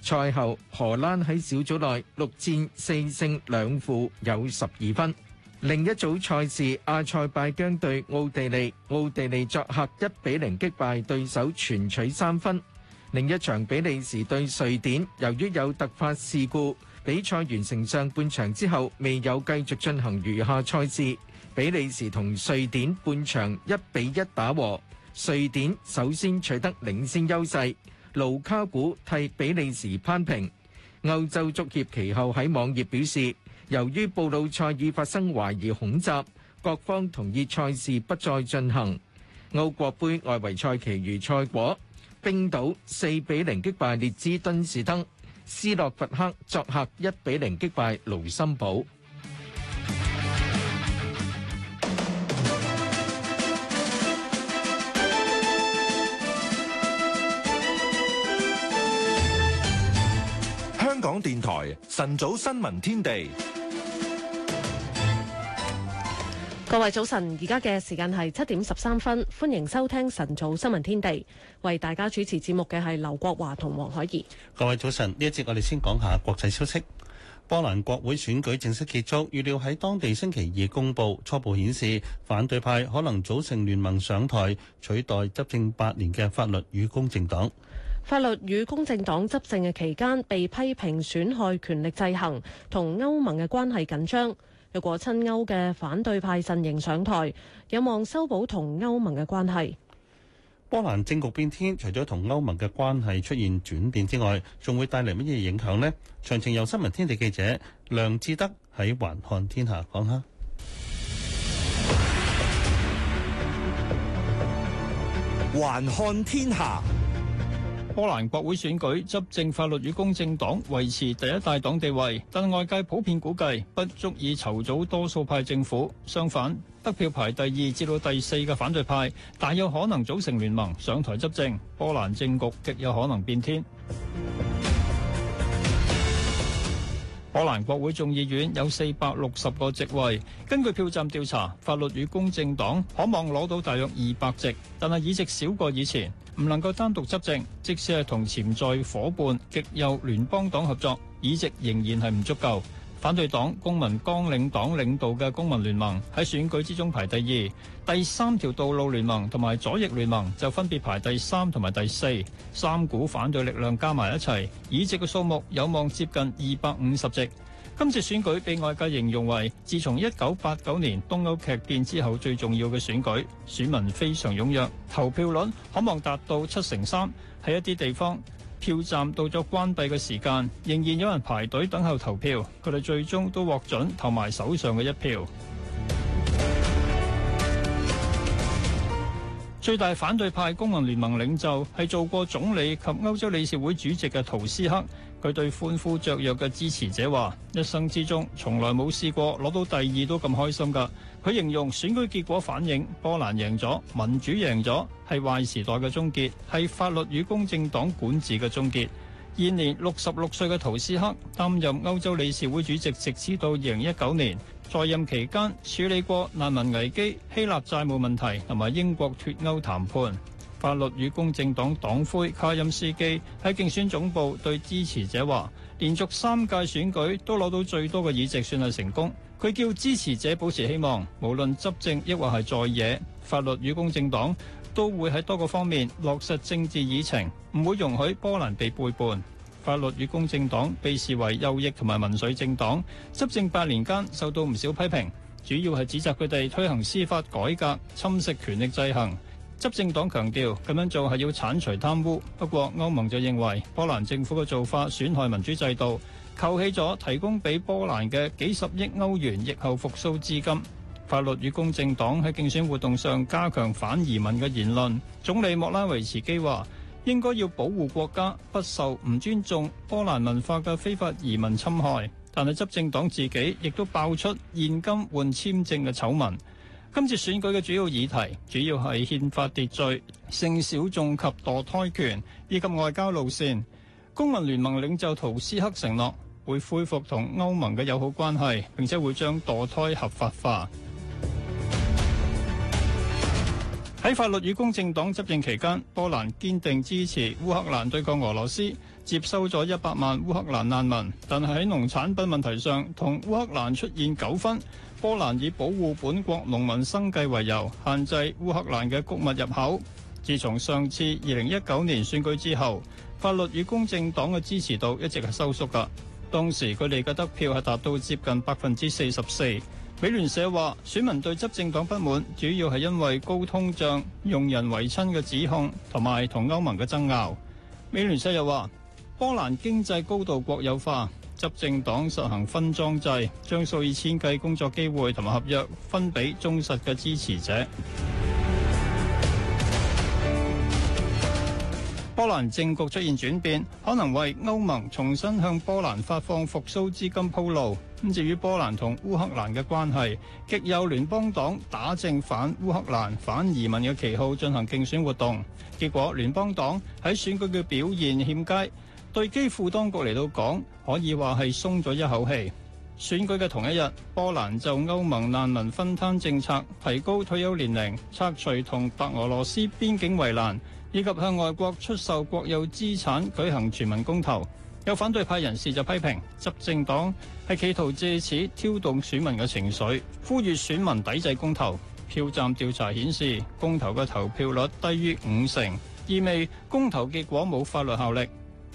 [SPEAKER 9] 賽後，荷蘭喺小組內六戰四勝兩負，有十二分。另一組賽事，阿塞拜疆對奧地利，奧地利作客一比零擊敗對手，全取三分。另一場比利時對瑞典，由於有突發事故，比賽完成上半場之後，未有繼續進行餘下賽事。比利時同瑞典半場一比一打和，瑞典首先取得領先優勢。盧卡古替比利時攀平。歐洲足協其後喺網頁表示，由於布魯塞爾發生懷疑恐襲，各方同意賽事不再進行。歐國杯外圍賽其餘賽果。冰島四比零擊敗列支敦士登，斯洛伐克作客一比零擊敗盧森堡。
[SPEAKER 1] 香港電台晨早新聞天地。
[SPEAKER 3] 各位早晨，而家嘅時間係七點十三分，歡迎收聽晨早新聞天地。為大家主持節目嘅係劉國華同黃海怡。
[SPEAKER 4] 各位早晨，呢一節我哋先講下國際消息。波蘭國會選舉正式結束，預料喺當地星期二公布。初步顯示，反對派可能組成聯盟上台，取代執政八年嘅法律與公正黨。
[SPEAKER 3] 法律與公正黨執政嘅期間，被批評損害權力制衡同歐盟嘅關係緊張。若果親歐嘅反對派陣營上台，有望修補同歐盟嘅關係。
[SPEAKER 4] 波蘭政局變天，除咗同歐盟嘅關係出現轉變之外，仲會帶嚟乜嘢影響呢？詳情由新聞天地記者梁志德喺《環看天
[SPEAKER 14] 下》講下。環看天下。波蘭國會選舉，執政法律與公正黨維持第一大黨地位，但外界普遍估計不足以籌組多數派政府。相反，得票排第二至到第四嘅反對派大有可能組成聯盟上台執政，波蘭政局極有可能變天。 波蘭國會眾議院有四百六十個席位，根據票站調查，法律與公正黨可望攞到大約二百席，但係議席少過以前。唔能夠單獨執政，即使係同潛在伙伴極右聯邦黨合作，議席仍然係唔足夠。反對黨公民綱領黨領導嘅公民聯盟喺選舉之中排第二，第三條道路聯盟同埋左翼聯盟就分別排第三同埋第四，三股反對力量加埋一齊，議席嘅數目有望接近二百五十席。今次選舉被外界形容為自從一九八九年東歐劇變之後最重要嘅選舉，選民非常踴躍，投票率可望達到七成三，喺一啲地方，票站到咗關閉嘅時間，仍然有人排隊等候投票，佢哋最終都獲准投埋手上嘅一票。最大反對派公民聯盟領袖係做過總理及歐洲理事會主席嘅陶斯克，佢對歡呼雀躍嘅支持者話一生之中從來冇試過攞到第二都咁開心噶，佢形容選舉結果反映波蘭贏咗，民主贏咗，係壞時代嘅終結，係法律與公正黨管治嘅終結，現年六十六歲嘅陶斯克擔任歐洲理事會主席，直至到二零一九年。在任期間處理過難民危機、希臘債務問題同埋英國脱歐談判。法律與公正黨黨魁卡欽斯基喺競選總部對支持者話：連續三屆選舉都攞到最多嘅議席算係成功。佢叫支持者保持希望，無論執政抑或係在野，法律與公正黨都會喺多個方面落實政治議程，唔會容許波蘭被背叛。法律與公正黨被視為右翼同埋民粹政黨，執政八年間受到唔少批評，主要係指責佢哋推行司法改革、侵蝕權力制衡。執政黨強調咁樣做係要剷除貪污，不過歐盟就認為波蘭政府嘅做法損害民主制度，扣起咗提供俾波蘭嘅幾十億歐元疫後復甦資金。法律與公正黨喺競選活動上加強反移民嘅言論，總理莫拉維茨基話。應該要保護國家不受唔尊重波蘭文化嘅非法移民侵害。但係執政黨自己亦都爆出現金換簽證嘅醜聞。今次選舉嘅主要議題主要係憲法秩序、性小眾及墮胎權，以及外交路線。公民聯盟領袖圖斯克承諾會恢復同歐盟嘅友好關係，並且會將墮胎合法化。喺法律與公正黨執政期間，波蘭堅定支持烏克蘭對抗俄羅斯，接收咗一百萬烏克蘭難民。但係喺農產品問題上，同烏克蘭出現糾紛。波蘭以保護本國農民生計為由，限制烏克蘭嘅穀物入口。自從上次二零一九年選舉之後，法律與公正黨嘅支持度一直係收縮㗎。當時佢哋嘅得票係達到接近百分之四十四。美聯社話，選民對執政黨不滿，主要係因為高通脹、用人唯親嘅指控，同埋同歐盟嘅爭拗。美聯社又話，波蘭經濟高度國有化，執政黨實行分贓制，將數以千計工作機會同埋合約分俾忠實嘅支持者。波蘭政局出現轉變，可能為歐盟重新向波蘭發放復甦資金鋪路。咁至於波蘭同烏克蘭嘅關係，極右聯邦黨打正反烏克蘭反移民嘅旗號進行競選活動，結果聯邦黨喺選舉嘅表現欠佳，對基輔當局嚟到講，可以話，係鬆咗一口氣。選舉嘅同一日，波蘭就歐盟難民分攤政策、提高退休年齡，拆除同白俄羅斯邊境圍欄，以及向外國出售國有資產，舉行全民公投。有反對派人士就批評，執政黨係企圖借此挑動選民嘅情緒，呼籲選民抵制公投。票站調查顯示，公投嘅投票率低於五成，意味公投結果冇法律效力。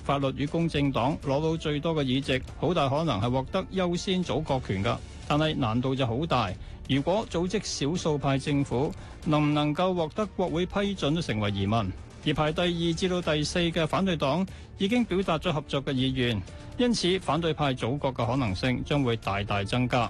[SPEAKER 14] 法律與公正黨攞到最多嘅議席，好大可能係獲得優先組國權噶。但係難度就好大，如果組織少數派政府，能唔能夠獲得國會批准，都成為疑問。而排第二至到第四嘅反對黨已經表達咗合作嘅意願，因此反對派組閣嘅可能性將會大大增加。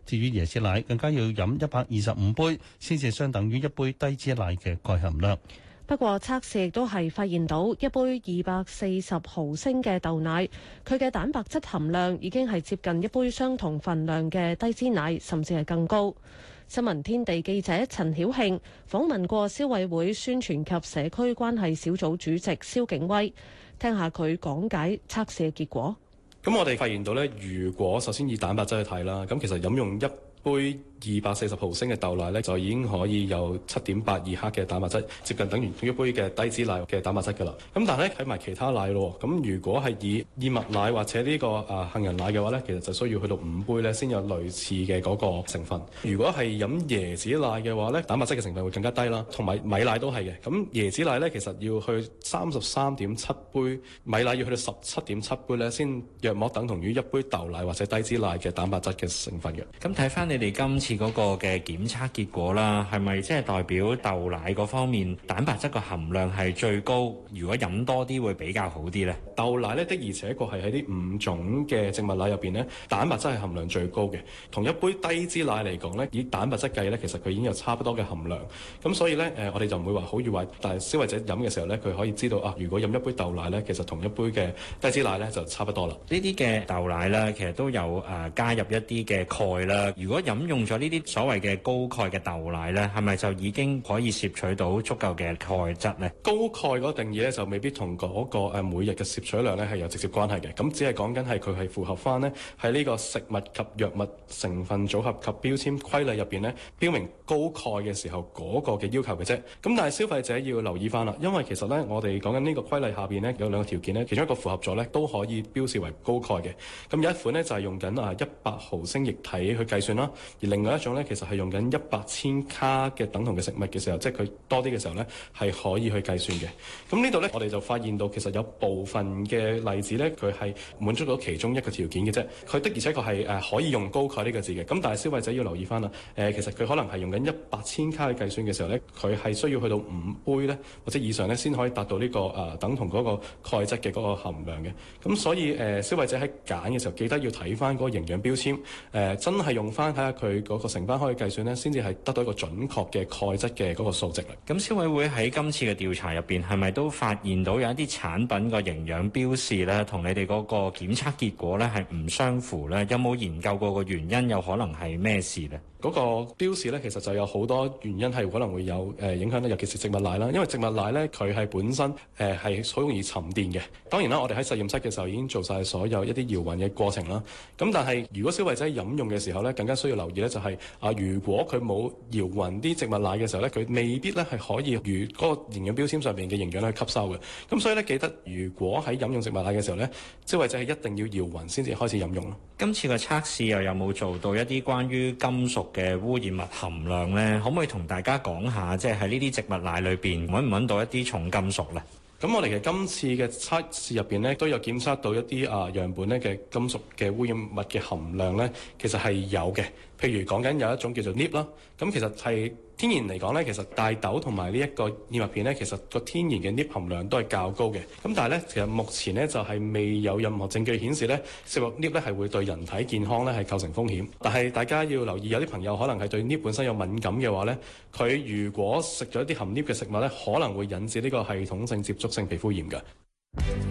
[SPEAKER 4] 至於椰子奶，更加要飲一百二十五杯，先至相等於一杯低脂奶嘅鈣含量。
[SPEAKER 3] 不過測試亦都係發現到，一杯二百四十毫升嘅豆奶，佢嘅蛋白質含量已經係接近一杯相同份量嘅低脂奶，甚至係更高。新聞天地記者陳曉慶訪問過消委會宣傳及社區關係小組主席蕭景威，聽下佢講解測試嘅結果。
[SPEAKER 15] 咁我哋發現到呢，如果首先以蛋白質去睇啦，咁其實飲用一杯，二百四十毫升嘅豆奶咧就已經可以有七點八二克嘅蛋白質，接近等於一杯嘅低脂奶嘅蛋白質㗎啦。咁但係咧睇埋其他奶喎，咁如果係以燕麥奶或者呢個啊杏仁奶嘅話咧，其實就需要去到五杯咧先有類似嘅嗰個成分。如果係飲椰子奶嘅話咧，蛋白質嘅成分會更加低啦，同埋米，米奶都係嘅。咁椰子奶咧其實要去三十三點七杯，米奶要去到十七點七杯咧先約莫等同於一杯豆奶或者低脂
[SPEAKER 5] 奶嘅蛋白質嘅成分嘅。咁睇翻你哋今次。嗰個嘅檢測結果啦，係咪即係代表豆奶嗰方面蛋白質嘅含量係最高？如果飲多啲
[SPEAKER 15] 會比較好啲呢？豆奶呢的而且確係喺呢五種嘅植物奶入邊呢，蛋白質係含量最高嘅。同一杯低脂奶嚟講呢，以蛋白質計呢，其實佢已經有差不多嘅含量。咁所以呢，誒我哋就唔會話好易話，但係消費者飲嘅時候呢，佢可以知道啊，如果飲一杯
[SPEAKER 5] 豆奶呢，其實同一杯嘅低脂奶呢，就差不多啦。呢啲嘅豆奶呢，其實都有誒、啊、加入一啲嘅鈣啦。如果飲用咗。呢啲所謂嘅高鈣嘅豆奶呢，係咪就已經可以攝取到足夠嘅鈣質呢？高鈣嗰個定義呢，就未必同嗰
[SPEAKER 15] 個誒每日嘅攝取量呢係有直接關係嘅。咁只係講緊係佢係符合翻呢，喺呢個食物及藥物成分組合及標籤規例入邊呢，標明高鈣嘅時候嗰個嘅要求嘅啫。咁但係消費者要留意翻啦，因為其實呢，我哋講緊呢個規例下邊呢，有兩個條件呢，其中一個符合咗呢，都可以標示為高鈣嘅。咁有一款呢，就係用緊啊一百毫升液體去計算啦，而另外，有一種咧，其實係用緊一百千卡嘅等同嘅食物嘅時候，即係佢多啲嘅時候咧，係可以去計算嘅。咁呢度咧，我哋就發現到其實有部分嘅例子咧，佢係滿足到其中一個條件嘅啫。佢的而且確係誒、呃、可以用「高鈣」呢個字嘅。咁但係消費者要留意翻啦，誒、呃、其實佢可能係用緊一百千卡去計算嘅時候咧，佢係需要去到五杯咧或者以上咧，先可以達到呢、這個誒、呃、等同嗰個鈣質嘅嗰個含量嘅。咁所以誒、呃，消費者喺揀嘅時候，記得要睇翻嗰個營養標籤、呃，真係用翻睇下佢。個成分可以計算咧，先至係得到一個準確嘅鈣
[SPEAKER 5] 質嘅嗰個數值嚟。咁消委會喺今次嘅調查入邊，係咪都發現到有一啲產品個營養標示咧，同你哋嗰個檢測結果咧係唔相符咧？有冇研究過個原因？有可能係咩事咧？嗰個
[SPEAKER 15] 標示咧，其實就有好多原因係可能會有誒、呃、影響咧，尤其是植物奶啦，因為植物奶呢，佢係本身誒係好容易沉澱嘅。當然啦，我哋喺實驗室嘅時候已經做晒所有一啲搖勻嘅過程啦。咁但係如果消費者飲用嘅時候呢，更加需要留意呢、就是，就係啊，如果佢冇搖勻啲植物奶嘅時候呢，佢未必呢係可以與嗰個營養標籤上面嘅營養去吸收嘅。咁所以呢，記得如果喺飲用植物奶嘅時候呢，消費者係一定要搖勻先至開始飲用咯。今次嘅測
[SPEAKER 5] 試又有冇做到一啲關於金屬嘅污染物含量咧，可唔可以同大家講下，即係喺呢啲植物奶裏邊，揾唔揾到一啲重金屬咧？咁我哋嘅今次
[SPEAKER 15] 嘅測試入邊咧，都有檢測到一啲啊樣本咧嘅金屬嘅污染物嘅含量咧，其實係有嘅。譬如講緊有一種叫做鎳啦，咁其實係天然嚟講呢，其實大豆同埋呢一個燕麥片呢，其實個天然嘅鎳含量都係較高嘅。咁但係呢，其實目前呢就係未有任何證據顯示呢，食落鎳咧係會對人體健康呢係構成風險。但係大家要留意，有啲朋友可能係對鎳本身有敏感嘅話呢，佢如果食咗一啲含鎳嘅食物呢，可能會引致呢個系統性接觸性皮膚炎㗎。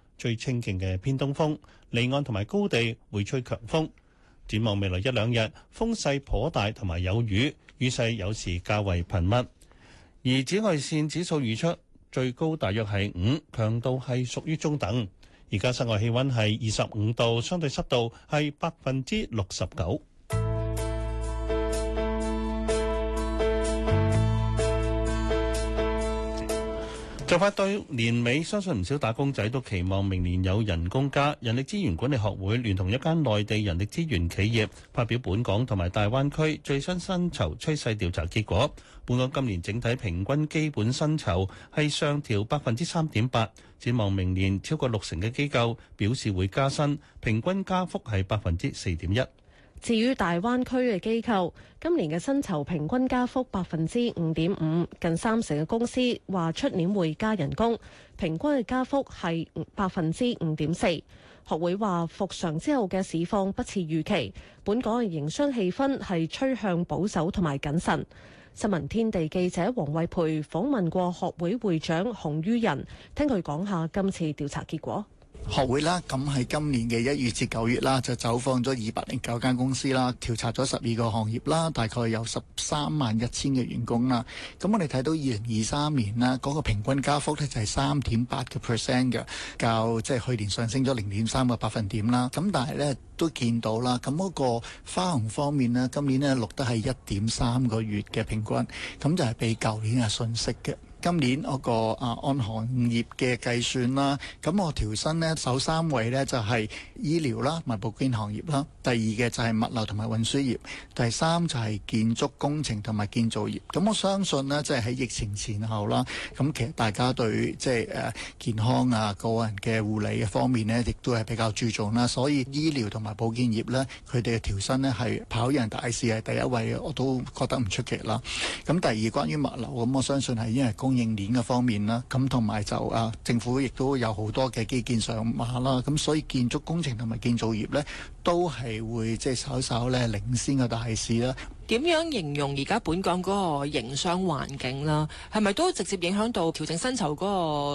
[SPEAKER 4] 最清勁嘅偏東風，離岸同埋高地會吹強風。展望未來一兩日，風勢頗大同埋有雨，雨勢有時較為頻密。而紫外線指數預測最高大約係五，強度係屬於中等。而家室外氣溫係二十五度，相對濕度係百分之六十九。就喺對年尾，相信唔少打工仔都期望明年有人工加。人力資源管理學會聯同一間內地人力資源企業發表本港同埋大灣區最新薪酬趨勢調查結果。本港今年整體平均基本薪酬係上調百分之三點八，展望明年超過六成嘅機構表示會加薪，平均加幅係百分之四點一。
[SPEAKER 3] 至於大灣區嘅機構，今年嘅薪酬平均加幅百分之五點五，近三成嘅公司話出年會加人工，平均嘅加幅係百分之五點四。學會話復常之後嘅市況不似預期，本港嘅營商氣氛係趨向保守同埋謹慎。新聞天地記者黃慧培訪問過學會會,會長洪於仁，聽佢講下今次調查結果。學會啦，
[SPEAKER 16] 咁係今年嘅一月至九月啦，就走訪咗二百零九間公司啦，調查咗十二個行業啦，大概有十三萬一千嘅員工啦。咁我哋睇到二零二三年啦，嗰、那個平均加幅呢就係三點八個 percent 嘅，較即係、就是、去年上升咗零點三個百分點啦。咁但係呢都見到啦，咁嗰個花紅方面呢，今年呢錄得係一點三個月嘅平均，咁就係比舊年係遜色嘅。今年嗰個啊按行業嘅計算啦，咁我調薪咧首三位咧就係醫療啦、同埋保健行業啦，第二嘅就係物流同埋運輸業，第三就係建築工程同埋建造業，咁我相信咧，即係喺疫情前後啦，咁其實大家對即係誒健康啊個人嘅護理嘅方面咧，亦都係比較注重啦。所以醫療同埋保健業咧，佢哋嘅調薪咧係跑贏大市係第一位，我都覺得唔出奇啦。咁第二關於物流，咁我相信係因為工。供供應鏈嘅方面啦，咁同埋就啊，政府亦都有好多嘅基建上馬啦，咁所以建築工程同埋建造業咧，都係會即係稍稍咧領先嘅大市啦。
[SPEAKER 17] 點樣形容而家本港嗰個營商環境啦？係咪都直接影響到調整薪酬嗰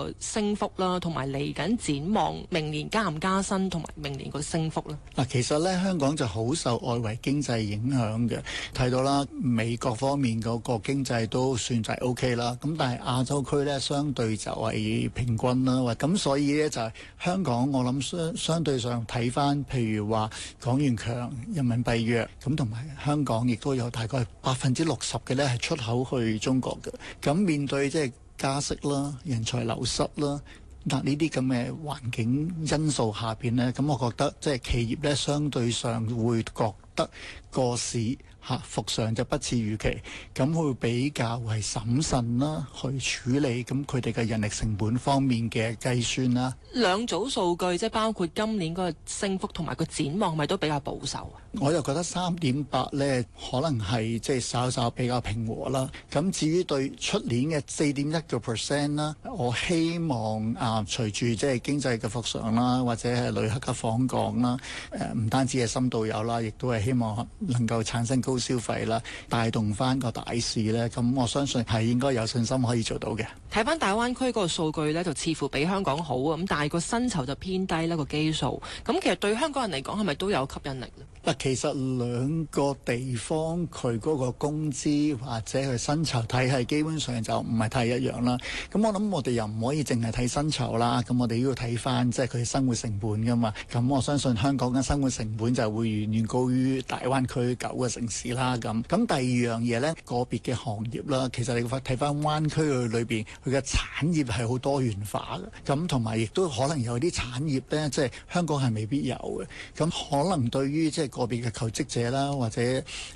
[SPEAKER 17] 個升幅啦？同埋嚟緊展望明年加唔加薪，同埋明年個升幅呢？
[SPEAKER 16] 嗱，其實呢，香港就好受外圍經濟影響嘅，睇到啦美國方面嗰個經濟都算就係 OK 啦，咁但係亞洲區呢，相對就係平均啦，咁、呃、所以呢，就係香港我諗相相對上睇翻，譬如話港元強，人民幣弱，咁同埋香港亦都有。大概百分之六十嘅咧係出口去中國嘅，咁面對即係加息啦、人才流失啦，嗱呢啲咁嘅環境因素下邊咧，咁我覺得即係企業咧，相對上會覺得個市。嚇，復上就不似預期，咁會比較為審慎啦，去處理咁佢哋嘅人力成本方面嘅計算啦。
[SPEAKER 17] 兩組數據即係包括今年個升幅同埋個展望，咪都比較保守。我又覺得三點八咧，
[SPEAKER 16] 可能係即係稍稍比較平和啦。咁至於對出年嘅四點一個 percent 啦，我希望啊，隨住即係經濟嘅復常啦，或者係旅客嘅訪港啦，誒唔單止係深度遊啦，亦都係希望能夠產生高。消費啦，帶動翻個大市咧，咁我相信係應該有信心可以做到嘅。
[SPEAKER 17] 睇翻大灣區嗰個數據咧，就似乎比香港好啊，咁但係個薪酬就偏低咧個基數。咁其實對香港人嚟講，係咪都有吸引力咧？
[SPEAKER 16] 嗱，其實兩個地方佢嗰個工資或者佢薪酬體系基本上就唔係太一樣啦。咁我諗我哋又唔可以淨係睇薪酬啦。咁我哋要睇翻即係佢嘅生活成本噶嘛。咁我相信香港嘅生活成本就會遠遠高於大灣區九個城市。啦咁，咁第二樣嘢咧，個別嘅行業啦，其實你會睇翻灣區佢裏邊，佢嘅產業係好多元化嘅，咁同埋亦都可能有啲產業咧，即係香港係未必有嘅。咁可能對於即係個別嘅求職者啦，或者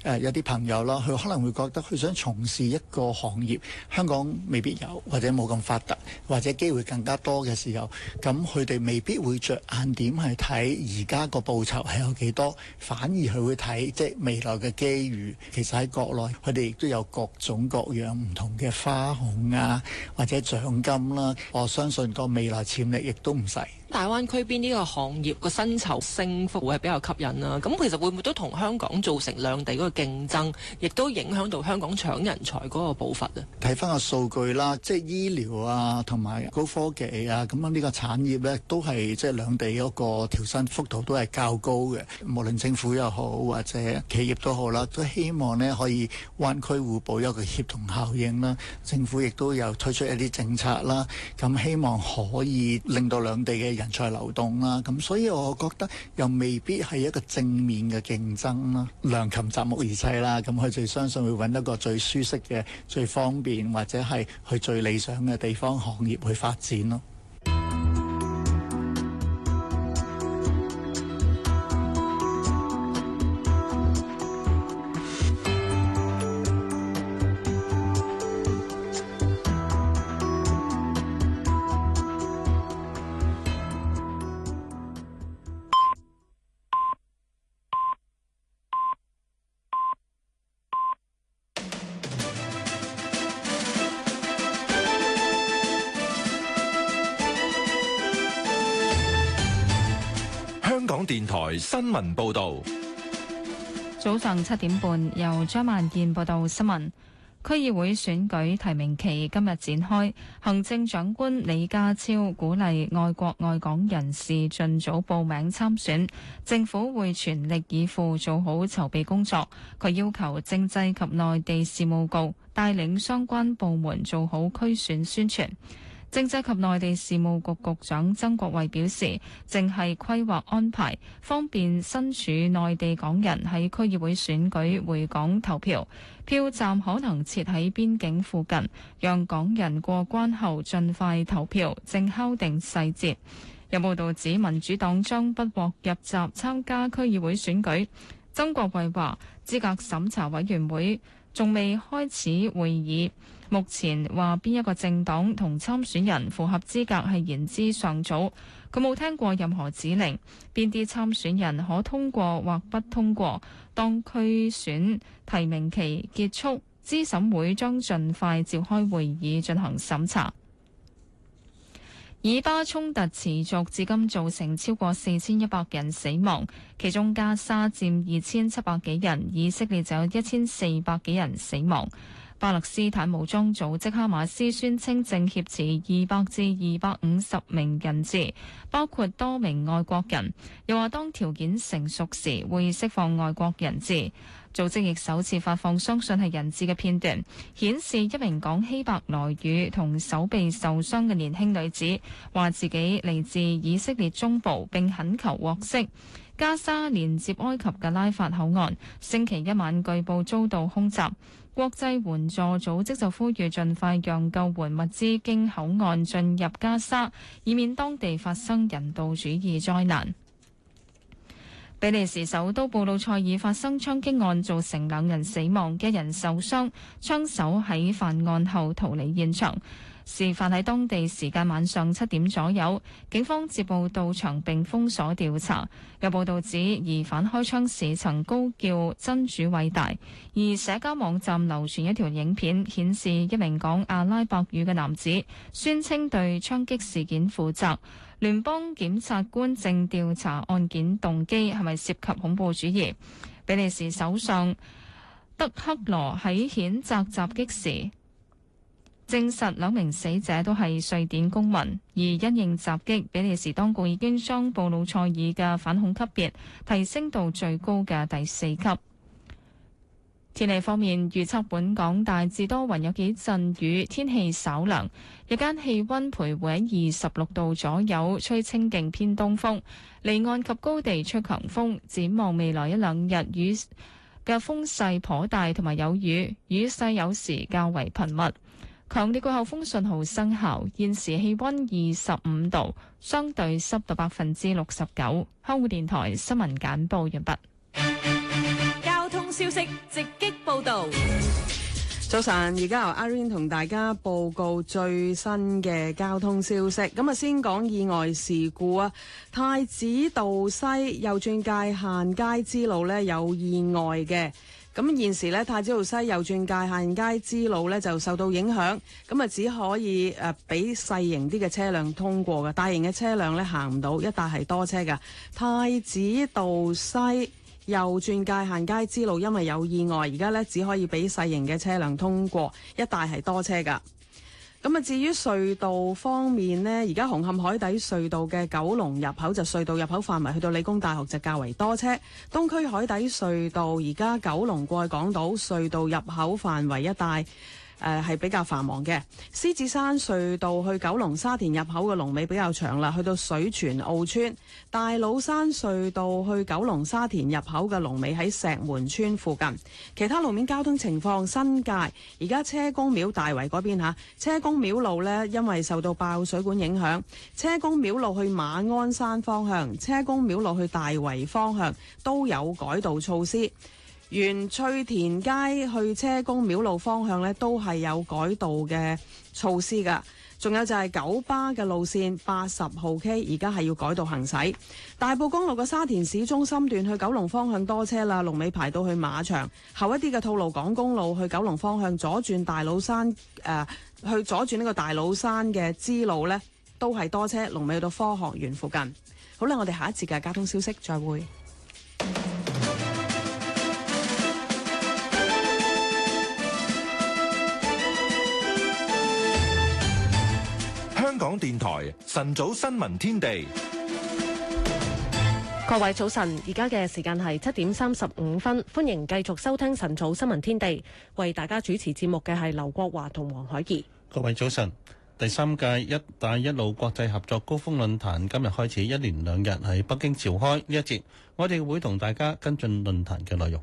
[SPEAKER 16] 誒有啲朋友啦，佢可能會覺得佢想從事一個行業，香港未必有，或者冇咁發達，或者機會更加多嘅時候，咁佢哋未必會着眼點去睇而家個報酬係有幾多，反而佢會睇即係未來嘅機。例如，其實喺國內，佢哋亦都有各種各樣唔同嘅花紅啊，或者獎金啦、啊。我相信個未來潛力亦都唔細。
[SPEAKER 17] 大灣區邊呢個行業個薪酬升幅會係比較吸引啦、啊，咁其實會唔會都同香港造成兩地嗰個競爭，亦都影響到香港搶人才嗰個步伐啊？
[SPEAKER 16] 睇翻個數據啦，即係醫療啊，同埋高科技啊，咁啊呢個產業咧都係即係兩地嗰個調薪幅度都係較高嘅，無論政府又好或者企業都好啦，都希望呢可以灣區互補有一個協同效應啦。政府亦都有推出一啲政策啦，咁希望可以令到兩地嘅。人才流動啦，咁所以我覺得又未必係一個正面嘅競爭啦。良禽擇木而棲啦，咁佢就相信會揾一個最舒適嘅、最方便或者係去最理想嘅地方、行業去發展咯。
[SPEAKER 1] 新聞報道，
[SPEAKER 2] 早上七點半由張萬健報道新聞。區議會選舉提名期今日展開，行政長官李家超鼓勵外國、外港人士盡早報名參選，政府會全力以赴做好籌備工作。佢要求政制及內地事務局帶領相關部門做好區選宣傳。政制及內地事務局局長曾國衛表示，正係規劃安排，方便身處內地港人喺區議會選舉回港投票，票站可能設喺邊境附近，讓港人過關後盡快投票，正敲定細節。有報道指，民主黨將不獲入閘參加區議會選舉。曾國衛話，資格審查委員會仲未開始會議。目前話邊一個政黨同參選人符合資格係言之尚早，佢冇聽過任何指令。邊啲參選人可通過或不通過？當區選提名期結束，資審會將盡快召開會議進行審查。以巴衝突持續至今，造成超過四千一百人死亡，其中加沙佔二千七百幾人，以色列就有一千四百幾人死亡。巴勒斯坦武裝組織哈馬斯宣稱正挾持二百至二百五十名人質，包括多名外國人，又話當條件成熟時會釋放外國人質。組織亦首次發放相信係人質嘅片段，顯示一名講希伯來語同手臂受傷嘅年輕女子話自己嚟自以色列中部，並懇求獲釋。加沙連接埃及嘅拉法口岸，星期一晚據報遭到空襲，國際援助組織就呼籲盡快讓救援物資經口岸進入加沙，以免當地發生人道主義災難。比利時首都布魯塞爾發生槍擊案，造成兩人死亡，一人受傷，槍手喺犯案後逃離現場。事發喺當地時間晚上七點左右，警方接報到場並封鎖調查。有報道指疑犯開槍時曾高叫真主偉大，而社交網站流傳一條影片，顯示一名講阿拉伯語嘅男子宣稱對槍擊事件負責。聯邦檢察官正調查案件動機係咪涉及恐怖主義。比利時首相德克羅喺譴責襲擊時，證實兩名死者都係瑞典公民，而因應襲擊，比利時當局已經將布魯塞爾嘅反恐級別提升到最高嘅第四級。天氣方面，預測本港大致多雲，有幾陣雨，天氣稍涼，日間氣溫徘徊喺二十六度左右，吹清勁偏東風，離岸及高地吹強風。展望未來一兩日，雨嘅風勢頗大，同埋有雨，雨勢有時較為頻密。強烈季候風信號生效，現時氣溫二十五度，相對濕度百分之六十九。
[SPEAKER 11] 香港電台新聞簡報完畢。筆交通消息直擊報道。早晨，而家由阿 rain 同大家報告最新嘅交通消息。咁啊，先講意外事故啊！太子道西右轉界限街之路呢，有意外嘅。咁現時咧，太子道西右轉界限街支路咧就受到影響，咁啊只可以誒俾細型啲嘅車輛通過嘅，大型嘅車輛咧行唔到，一帶係多車㗎。太子道西右轉界限街支路因為有意外，而家咧只可以俾細型嘅車輛通過，一帶係多車㗎。咁啊，至於隧道方面咧，而家紅磡海底隧道嘅九龍入口就隧道入口範圍，去到理工大學就較為多車。東區海底隧道而家九龍過去港島隧道入口範圍一帶。誒係、呃、比較繁忙嘅，獅子山隧道去九龍沙田入口嘅龍尾比較長啦，去到水泉澳村；大老山隧道去九龍沙田入口嘅龍尾喺石門村附近。其他路面交通情況，新界而家車公廟大圍嗰邊嚇，車公廟路呢，因為受到爆水管影響，車公廟路去馬鞍山方向、車公廟路去大圍方向都有改道措施。沿翠田街去車公廟路方向咧，都係有改道嘅措施噶。仲有就係九巴嘅路線八十號 K，而家係要改道行駛。大埔公路嘅沙田市中心段去九龍方向多車啦，龍尾排到去馬場。後一啲嘅吐露港公路去九龍方向，左轉大老山誒，去、呃、左轉呢個大老山嘅支路呢都係多車，龍尾去到科學園附近。好啦，我哋下一節嘅交通消息，再會。
[SPEAKER 1] 香港電台晨早新聞天地，
[SPEAKER 3] 各位早晨，而家嘅時間係七點三十五分，歡迎繼續收聽晨早新聞天地。為大家主持節目嘅係劉國華同黃海怡。
[SPEAKER 4] 各位早晨，第三屆一帶一路國際合作高峰論壇今日開始一連兩日喺北京召開。呢一節，我哋會同大家跟進論壇嘅內容。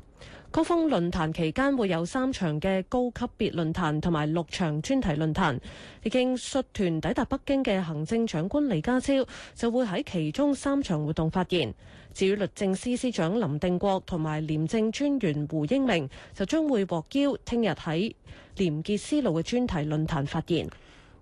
[SPEAKER 3] 高峰論壇期間會有三場嘅高級別論壇同埋六場專題論壇，已經率團抵達北京嘅行政長官李家超就會喺其中三場活動發言。至於律政司司司長林定國同埋廉政專員胡英明就將會獲邀，聽日喺廉潔思路嘅專題論壇發言。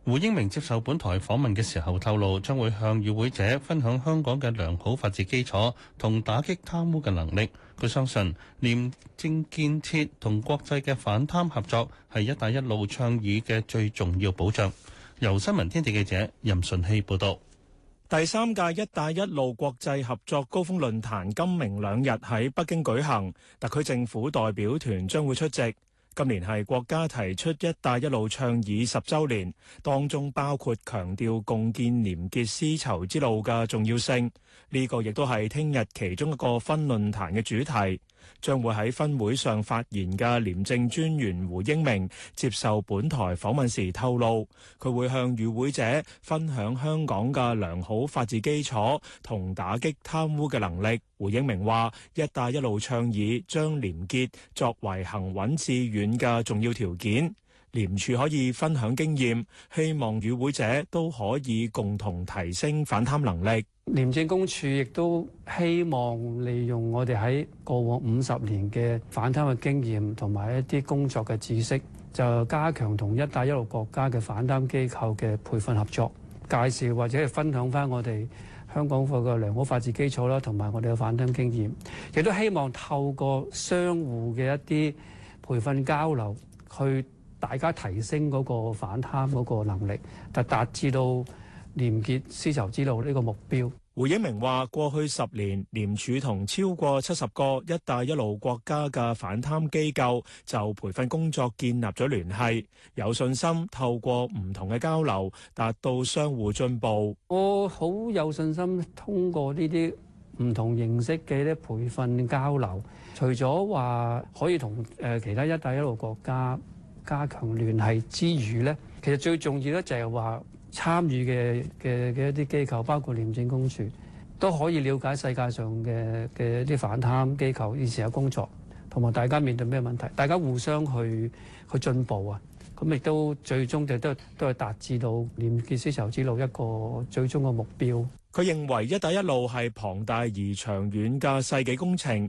[SPEAKER 4] 胡英明接受本台訪問嘅時候透露，將會向與會者分享香港嘅良好法治基礎同打擊貪污嘅能力。佢相信廉政建設同國際嘅反貪合作係一帶一路倡議嘅最重要保障。由新聞天地記者任順熙報道。
[SPEAKER 5] 第三屆一帶一路國際合作高峰論壇今明兩日喺北京舉行，特區政府代表團將會出席。今年係國家提出“一帶一路”倡議十周年，當中包括強調共建廉潔絲綢之路嘅重要性。呢個亦都係聽日其中一個分論壇嘅主題。將會喺分會上發言嘅廉政專員胡英明接受本台訪問時透露，佢會向與會者分享香港嘅良好法治基礎同打擊貪污嘅能力。胡英明話，一帶一路倡議將廉潔作為行穩致遠嘅重要條件。廉署可以分享經驗，希望與會者都可以共同提升反貪能力。
[SPEAKER 18] 廉政公署亦都希望利用我哋喺過往五十年嘅反貪嘅經驗同埋一啲工作嘅知識，就加強同一帶一路國家嘅反貪機構嘅培訓合作，介紹或者係分享翻我哋香港個嘅良好法治基礎啦，同埋我哋嘅反貪經驗，亦都希望透過相互嘅一啲培訓交流，去大家提升嗰個反貪嗰個能力，就達至到。廉潔絲綢之路呢個目標。
[SPEAKER 5] 胡英明話：過去十年，廉署同超過七十個「一帶一路」國家嘅反貪機構就培訓工作建立咗聯繫，有信心透過唔同嘅交流
[SPEAKER 18] 達到相互進步。我好有信心通過呢啲唔同形式嘅呢培訓交流，除咗話可以同誒其他「一帶一路」國家加強聯繫之餘咧，其實最重要咧就係話。參與嘅嘅嘅一啲機構，包括廉政公署，都可以了解世界上嘅嘅一啲反貪機構以前嘅工作，同埋大家面對咩問題，大家互相去去進步啊！咁亦都最終就都都係達至到廉潔絲綢之路一個最終嘅目標。
[SPEAKER 5] 佢認為一帶一路係龐大而長遠嘅世紀工程。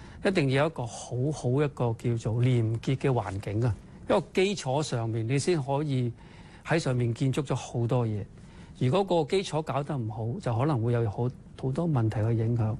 [SPEAKER 18] 一定要有一個好好一個叫做廉潔嘅環境啊，一個基礎上面你先可以喺上面建築咗好多嘢。如果個基礎搞得唔好，就可能會有好好多問題嘅影響，咁、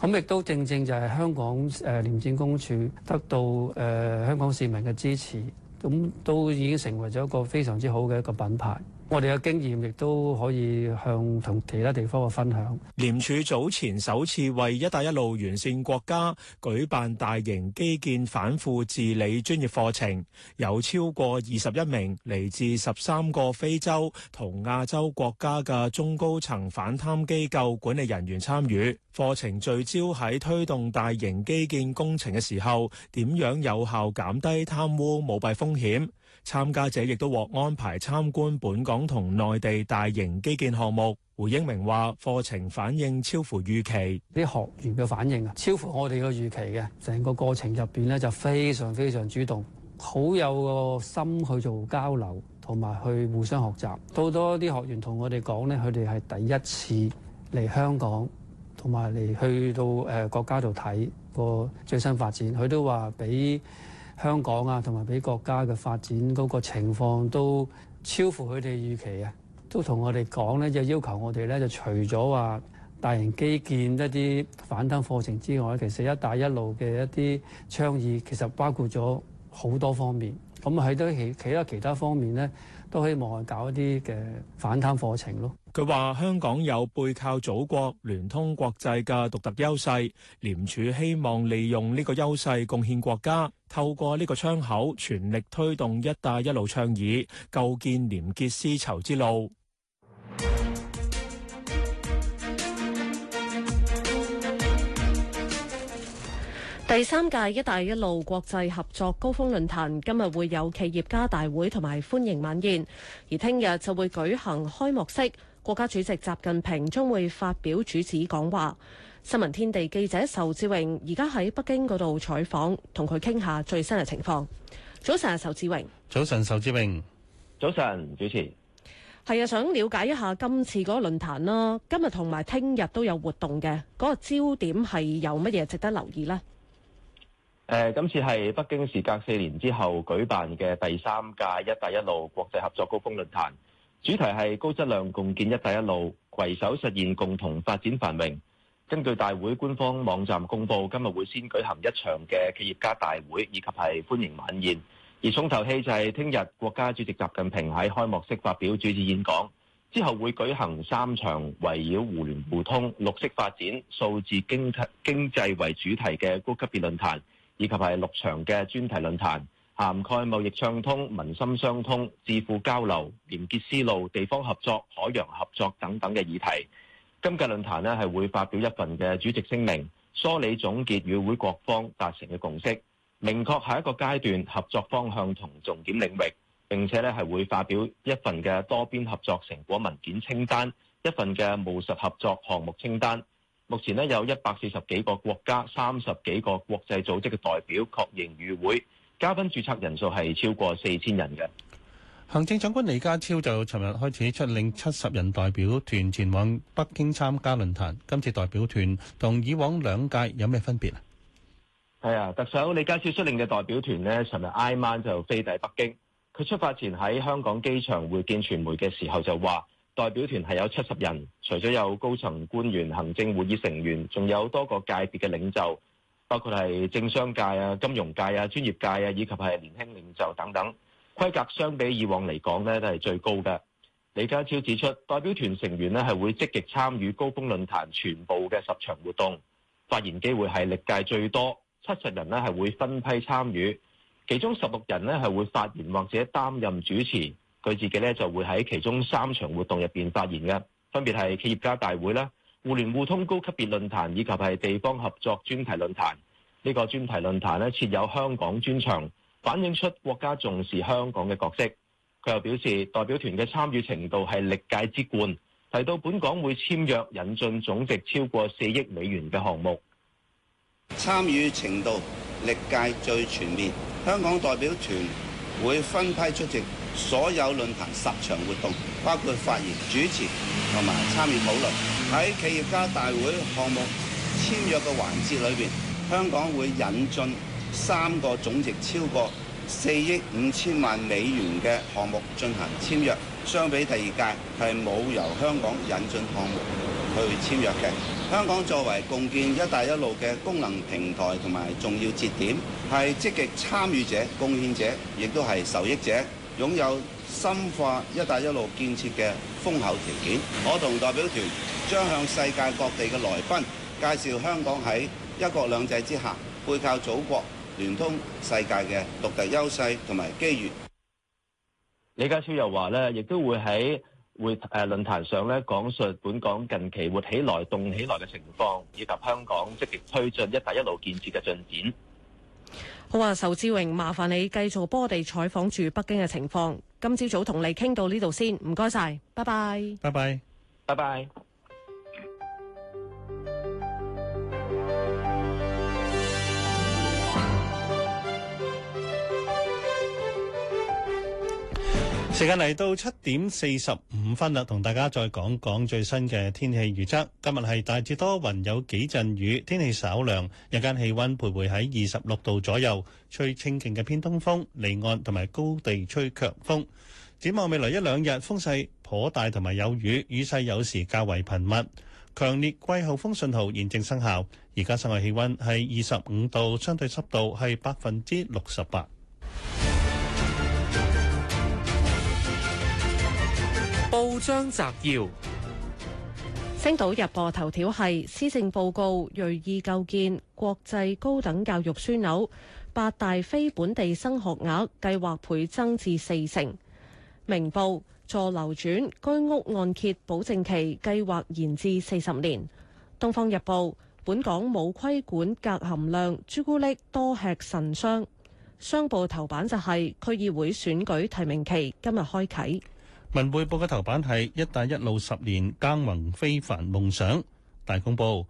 [SPEAKER 18] 嗯、亦都正正就係香港誒、呃、廉政公署得到誒、呃、香港市民嘅支持，咁、嗯、都已經成為咗一個非常之好嘅一個品牌。我哋嘅經驗亦都可以向同其他地方嘅分享。
[SPEAKER 5] 廉署早前首次為一帶一路完善國家舉辦大型基建反腐治理專業課程，有超過二十一名嚟自十三個非洲同亞洲國家嘅中高層反貪機構管理人員參與。課程聚焦喺推動大型基建工程嘅時候，點樣有效減低貪污舞弊風險。參加者亦都獲安排參觀本港同內地大型基建項目。胡英明話：課程反應超乎預期，啲
[SPEAKER 18] 學員嘅反應啊，超乎我哋嘅預期嘅。整個過程入邊咧，就非常非常主動，好有個心去做交流，同埋去互相學習。好多啲學員同我哋講咧，佢哋係第一次嚟香港，同埋嚟去到誒國家度睇個最新發展。佢都話俾。香港啊，同埋俾國家嘅發展嗰個情況都超乎佢哋預期啊！都同我哋講咧，就要求我哋咧，就除咗話大型基建一啲反彈課程之外，其實一帶一路嘅一啲倡議，其實包括咗好多方面。咁喺都其其他其他方面咧。都希望搞一啲嘅反貪課程咯。
[SPEAKER 5] 佢話香港有背靠祖國聯通國際嘅獨特優勢，廉署希望利用呢個優勢貢獻國家，透過呢個窗口，全力推動「一帶一路」倡議，構建廉潔絲綢之路。
[SPEAKER 3] 第三屆“一帶一路”國際合作高峰論壇今日會有企業家大會同埋歡迎晚宴，而聽日就會舉行開幕式，國家主席習近平將會發表主旨講話。新聞天地記者仇志榮而家喺北京嗰度採訪，同佢傾下最新嘅情況。早晨啊，仇志榮。
[SPEAKER 4] 早晨，仇志榮。早晨，主持。
[SPEAKER 3] 係啊，想了解一下今次嗰個論壇啦。今日同埋聽日都有活動嘅嗰個焦點係有乜嘢值得留意呢？
[SPEAKER 8] 誒，今次係北京時隔四年之後舉辦嘅第三屆“一帶一路”國際合作高峰論壇，主題係高質量共建“一帶一路”，攜手實現共同發展繁榮。根據大會官方網站公布，今日會先舉行一場嘅企業家大會，以及係歡迎晚宴。而重頭戲就係聽日國家主席習近平喺開幕式發表主旨演講，之後會舉行三場圍繞互聯互通、綠色發展、數字經濟經濟為主題嘅高級別論壇。以及係六場嘅專題論壇，涵蓋貿易暢通、民心相通、智庫交流、廉潔絲路、地方合作、海洋合作等等嘅議題。今屆論壇呢係會發表一份嘅主席聲明，梳理總結與會各方達成嘅共識，明確下一個階段合作方向同重點領域。並且呢係會發表一份嘅多邊合作成果文件清單，一份嘅務實合作項目清單。目前咧有一百四十幾個國家、三十幾個國際組織嘅代表確認與會，嘉賓註冊人數係超過四千人嘅。
[SPEAKER 4] 行政長官李家超就尋日開始出令七十人代表團前往北京參加論壇。今次代表團同以往兩屆有咩分別啊？
[SPEAKER 8] 係啊，特首李家超率領嘅代表團呢，尋日挨晚就飛抵北京。佢出發前喺香港機場會見傳媒嘅時候就話。代表團係有七十人，除咗有高層官員、行政會議成員，仲有多個界別嘅領袖，包括係政商界啊、金融界啊、專業界啊，以及係年輕領袖等等。規格相比以往嚟講呢，都係最高嘅。李家超指出，代表團成員呢係會積極參與高峰論壇全部嘅十場活動，發言機會係歷屆最多。七十人呢係會分批參與，其中十六人呢係會發言或者擔任主持。佢自己咧就會喺其中三場活動入邊發言嘅，分別係企業家大會啦、互聯互通高級別論壇以及係地方合作專題論壇。呢個專題論壇呢，設有香港專場，反映出國家重視香港嘅角色。佢又表示，代表團嘅參與程度係歷屆之冠，提到本港會簽約引進總值超過四億美元嘅項目。參與程度歷屆最全面，香港代表團會分批出席。所有論壇十場活動，包括發言、主持同埋參與討論。喺企業家大會項目簽約嘅環節裏邊，香港會引進三個總值超過四億五千萬美元嘅項目進行簽約，相比第二屆係冇由香港引進項目去簽約嘅。香港作為共建「一帶一路」嘅功能平台同埋重要節點，係積極參與者、貢獻者，亦都係受益者。擁有深化「一帶一路」建設嘅豐厚條件，我同代表團將向世界各地嘅來賓介紹香港喺一國兩制之下，背靠祖國聯通世界嘅獨特優勢同埋機遇。李家超又話咧，亦都會喺會誒論壇上咧講述本港近期活起來、動起來嘅情況，以及香港積極推進「一帶一路」建設嘅進展。
[SPEAKER 3] 好啊，仇志榮，麻煩你繼續幫我哋採訪住北京嘅情況。今朝早同你傾到呢度先，唔該晒，拜拜，
[SPEAKER 8] 拜拜，
[SPEAKER 9] 拜拜。
[SPEAKER 4] 時間嚟到七點四十五分啦，同大家再講講最新嘅天氣預測。今日係大致多雲，有幾陣雨，天氣稍涼，日間氣溫徘徊喺二十六度左右，吹清勁嘅偏東風，離岸同埋高地吹強風。展望未來一兩日，風勢頗大同埋有雨，雨勢有時較為頻密。強烈季候風信號現正生效，而家室外氣溫係二十五度，相對濕度係百分之六十八。
[SPEAKER 5] 報章摘要：星島
[SPEAKER 3] 《星島日報》頭條係施政報告，銳意構建國際高等教育樞紐；八大非本地生學額計劃倍增至四成。《明報》助流轉居屋按揭保證期計劃延至四十年。《東方日報》本港冇規管鎘含量朱古力，多吃神傷。商報頭版就係區議會選舉提名期今日開啟。
[SPEAKER 4] 文匯報嘅頭版係“一帶一路十年耕耘非凡夢想。大公報”，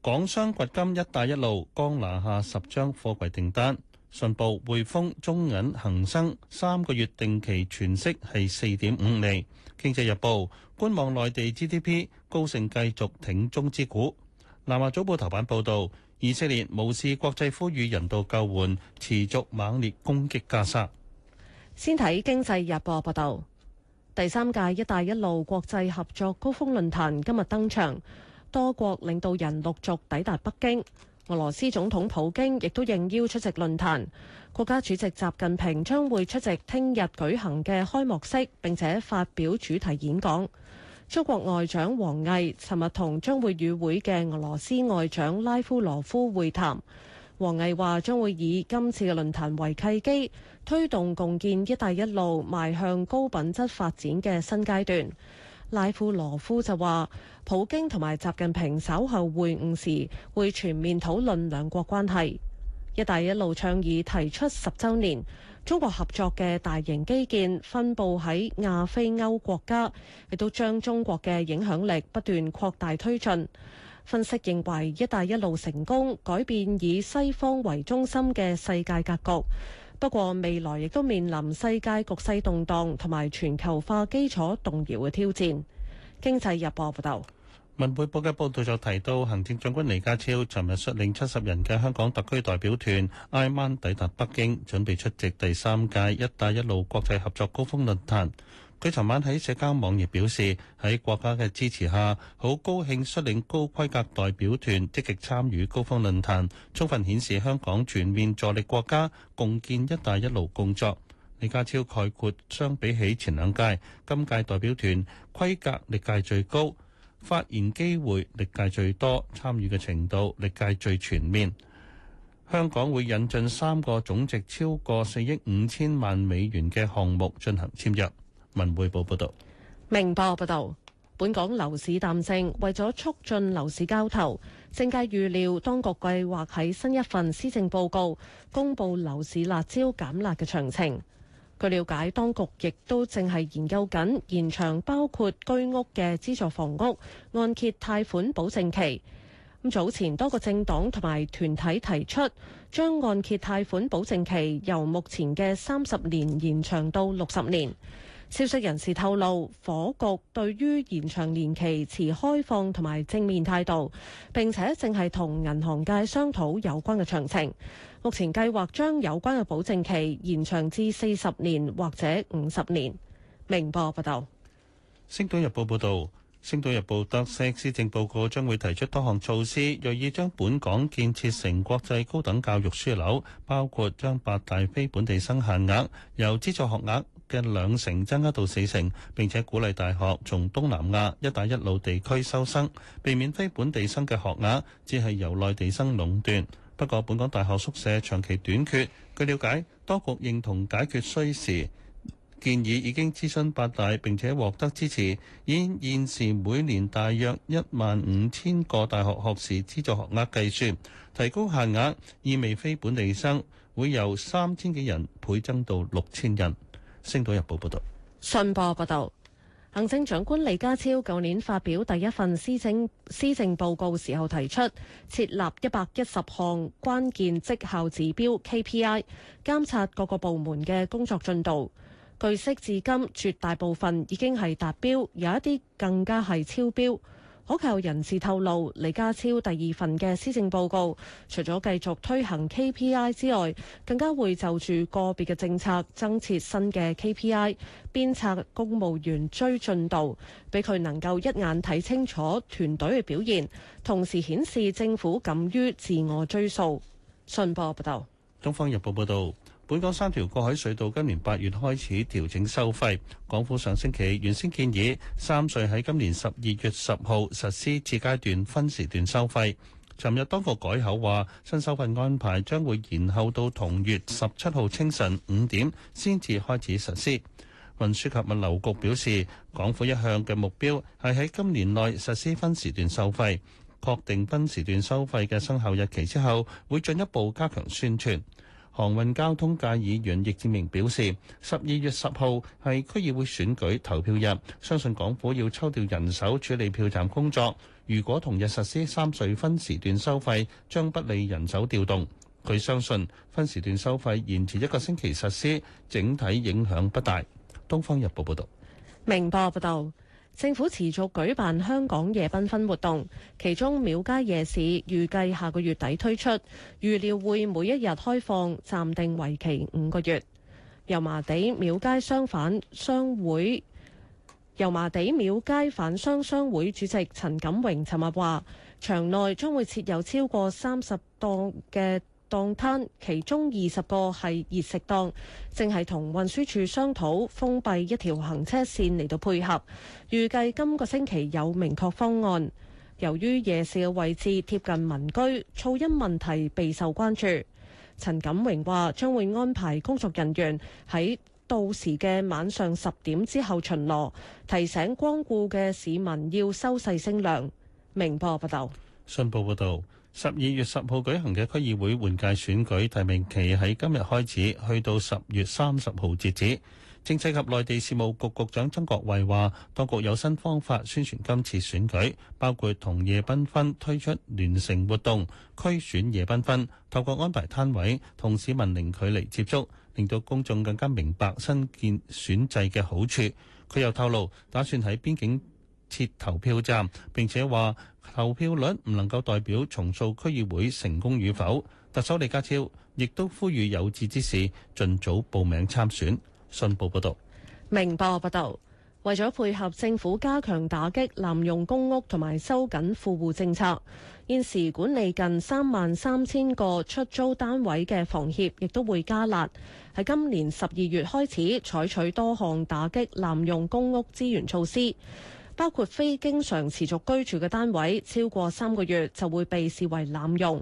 [SPEAKER 4] 港商掘金“一帶一路”剛拿下十張貨櫃訂單。信報、匯豐、中銀、恒生三個月定期存息係四點五厘。經濟日報觀望內地 GDP，高盛繼續挺中資股。南華早報頭版報道，以色列無視國際呼籲人道救援，持續猛烈攻擊加沙。
[SPEAKER 3] 先睇經濟日報報道。第三屆「一帶一路」國際合作高峰論壇今日登場，多國領導人陸續抵達北京。俄羅斯總統普京亦都應邀出席論壇。國家主席習近平將會出席聽日舉行嘅開幕式，並且發表主題演講。中國外長王毅尋日同將會與會嘅俄羅斯外長拉夫羅夫會談。王毅話將會以今次嘅論壇為契機，推動共建「一帶一路」邁向高品質發展嘅新階段。拉夫羅夫就話，普京同埋習近平稍後會晤時，會全面討論兩國關係。「一帶一路」倡議提出十週年，中國合作嘅大型基建分佈喺亞非歐國家，亦都將中國嘅影響力不斷擴大推進。分析認為，一帶一路成功改變以西方為中心嘅世界格局，不過未來亦都面臨世界局勢動盪同埋全球化基礎動搖嘅挑戰。經濟日報報道。
[SPEAKER 4] 文匯報嘅報導就提到，行政長官李家超尋日率領七十人嘅香港特區代表團，挨晚抵達北京，準備出席第三屆一帶一路國際合作高峰論壇。佢尋晚喺社交網頁表示，喺國家嘅支持下，好高興率領高規格代表團積極參與高峰論壇，充分顯示香港全面助力國家共建「一帶一路」工作。李家超概括，相比起前兩屆，今屆代表團規格歷屆最高，發言機會歷屆最多，參與嘅程度歷屆最全面。香港會引進三個總值超過四億五千萬美元嘅項目進行簽約。文匯報報道，
[SPEAKER 3] 明報報道，本港樓市淡靜，為咗促進樓市交投，政界預料當局計劃喺新一份施政報告公布樓市辣招減辣嘅詳情。據了解，當局亦都正係研究緊延長包括居屋嘅資助房屋按揭貸款保證期。咁早前多個政黨同埋團體提出，將按揭貸款保證期由目前嘅三十年延長到六十年。消息人士透露，火局對於延長年期持開放同埋正面態度，並且正係同銀行界商討有關嘅詳情。目前計劃將有關嘅保證期延長至四十年或者五十年。明報報道。
[SPEAKER 4] 《星島日報》報道，《星島日報》得悉施政報告將會提出多項措施，銳意將本港建設成國際高等教育樞紐，包括將八大非本地生限額由資助學額，嘅兩成增加到四成，並且鼓勵大學從東南亞一帶一路地區收生，避免非本地生嘅學額只係由內地生壟斷。不過本港大學宿舍長期短缺，據了解，當局認同解決需時，建議已經諮詢八大，並且獲得支持。以現時每年大約一萬五千個大學學士資助學額計算，提高限額意味非本地生會由三千幾人倍增到六千人。星島日報報道，
[SPEAKER 3] 信報報道，行政長官李家超舊年發表第一份施政施政報告時候提出，設立一百一十項關鍵績效指標 KPI，監察各個部門嘅工作進度。據悉，至今絕大部分已經係達標，有一啲更加係超標。可靠人士透露，李家超第二份嘅施政報告，除咗繼續推行 KPI 之外，更加會就住個別嘅政策增設新嘅 KPI，鞭策公務員追進度，俾佢能夠一眼睇清楚團隊嘅表現，同時顯示政府敢於自我追溯。信報報道，
[SPEAKER 4] 《東方日報》報道。本港三條過海隧道今年八月開始調整收費，港府上星期原先建議三隧喺今年十二月十號實施次階段分時段收費。尋日當局改口話，新收費安排將會延後到同月十七號清晨五點先至開始實施。運輸及物流局表示，港府一向嘅目標係喺今年內實施分時段收費，確定分時段收費嘅生效日期之後，會進一步加強宣傳。航運交通界議員易志明表示，十二月十號係區議會選舉投票日，相信港府要抽調人手處理票站工作。如果同日實施三隧分時段收費，將不利人手調動。佢相信分時段收費延遲一個星期實施，整體影響不大。東方日報報道，
[SPEAKER 3] 明報報道。政府持續舉辦香港夜繽紛活動，其中廟街夜市預計下個月底推出，預料會每一日開放，暫定為期五個月。油麻地廟街商販商會、油麻地廟街販商商會主席陳錦榮尋日話，場內將會設有超過三十檔嘅。檔攤，其中二十個係熱食檔，正係同運輸處商討封閉一條行車線嚟，到配合，預計今個星期有明確方案。由於夜市嘅位置貼近民居，噪音問題備受關注。陳錦榮話，將會安排工作人員喺到時嘅晚上十點之後巡邏，提醒光顧嘅市民要收細聲量。明報報道，
[SPEAKER 4] 信報報道。十二月十號舉行嘅區議會換屆選舉提名期喺今日開始，去到十月三十號截止。政制及內地事務局局，局長曾國衛話，當局有新方法宣傳今次選舉，包括同夜繽紛推出聯成活動，區選夜繽紛，透過安排攤位同市民零距離接觸，令到公眾更加明白新建選制嘅好處。佢又透露打算喺邊境設投票站，並且話。投票率唔能夠代表重塑區議會成功與否。特首李家超亦都呼籲有志之士盡早報名參選。信報報道。
[SPEAKER 3] 明報報道，為咗配合政府加強打擊濫用公屋同埋收緊富戶政策，現時管理近三萬三千個出租單位嘅房協亦都會加辣，喺今年十二月開始採取多項打擊濫用公屋資源措施。包括非經常持續居住嘅單位，超過三個月就會被視為濫用；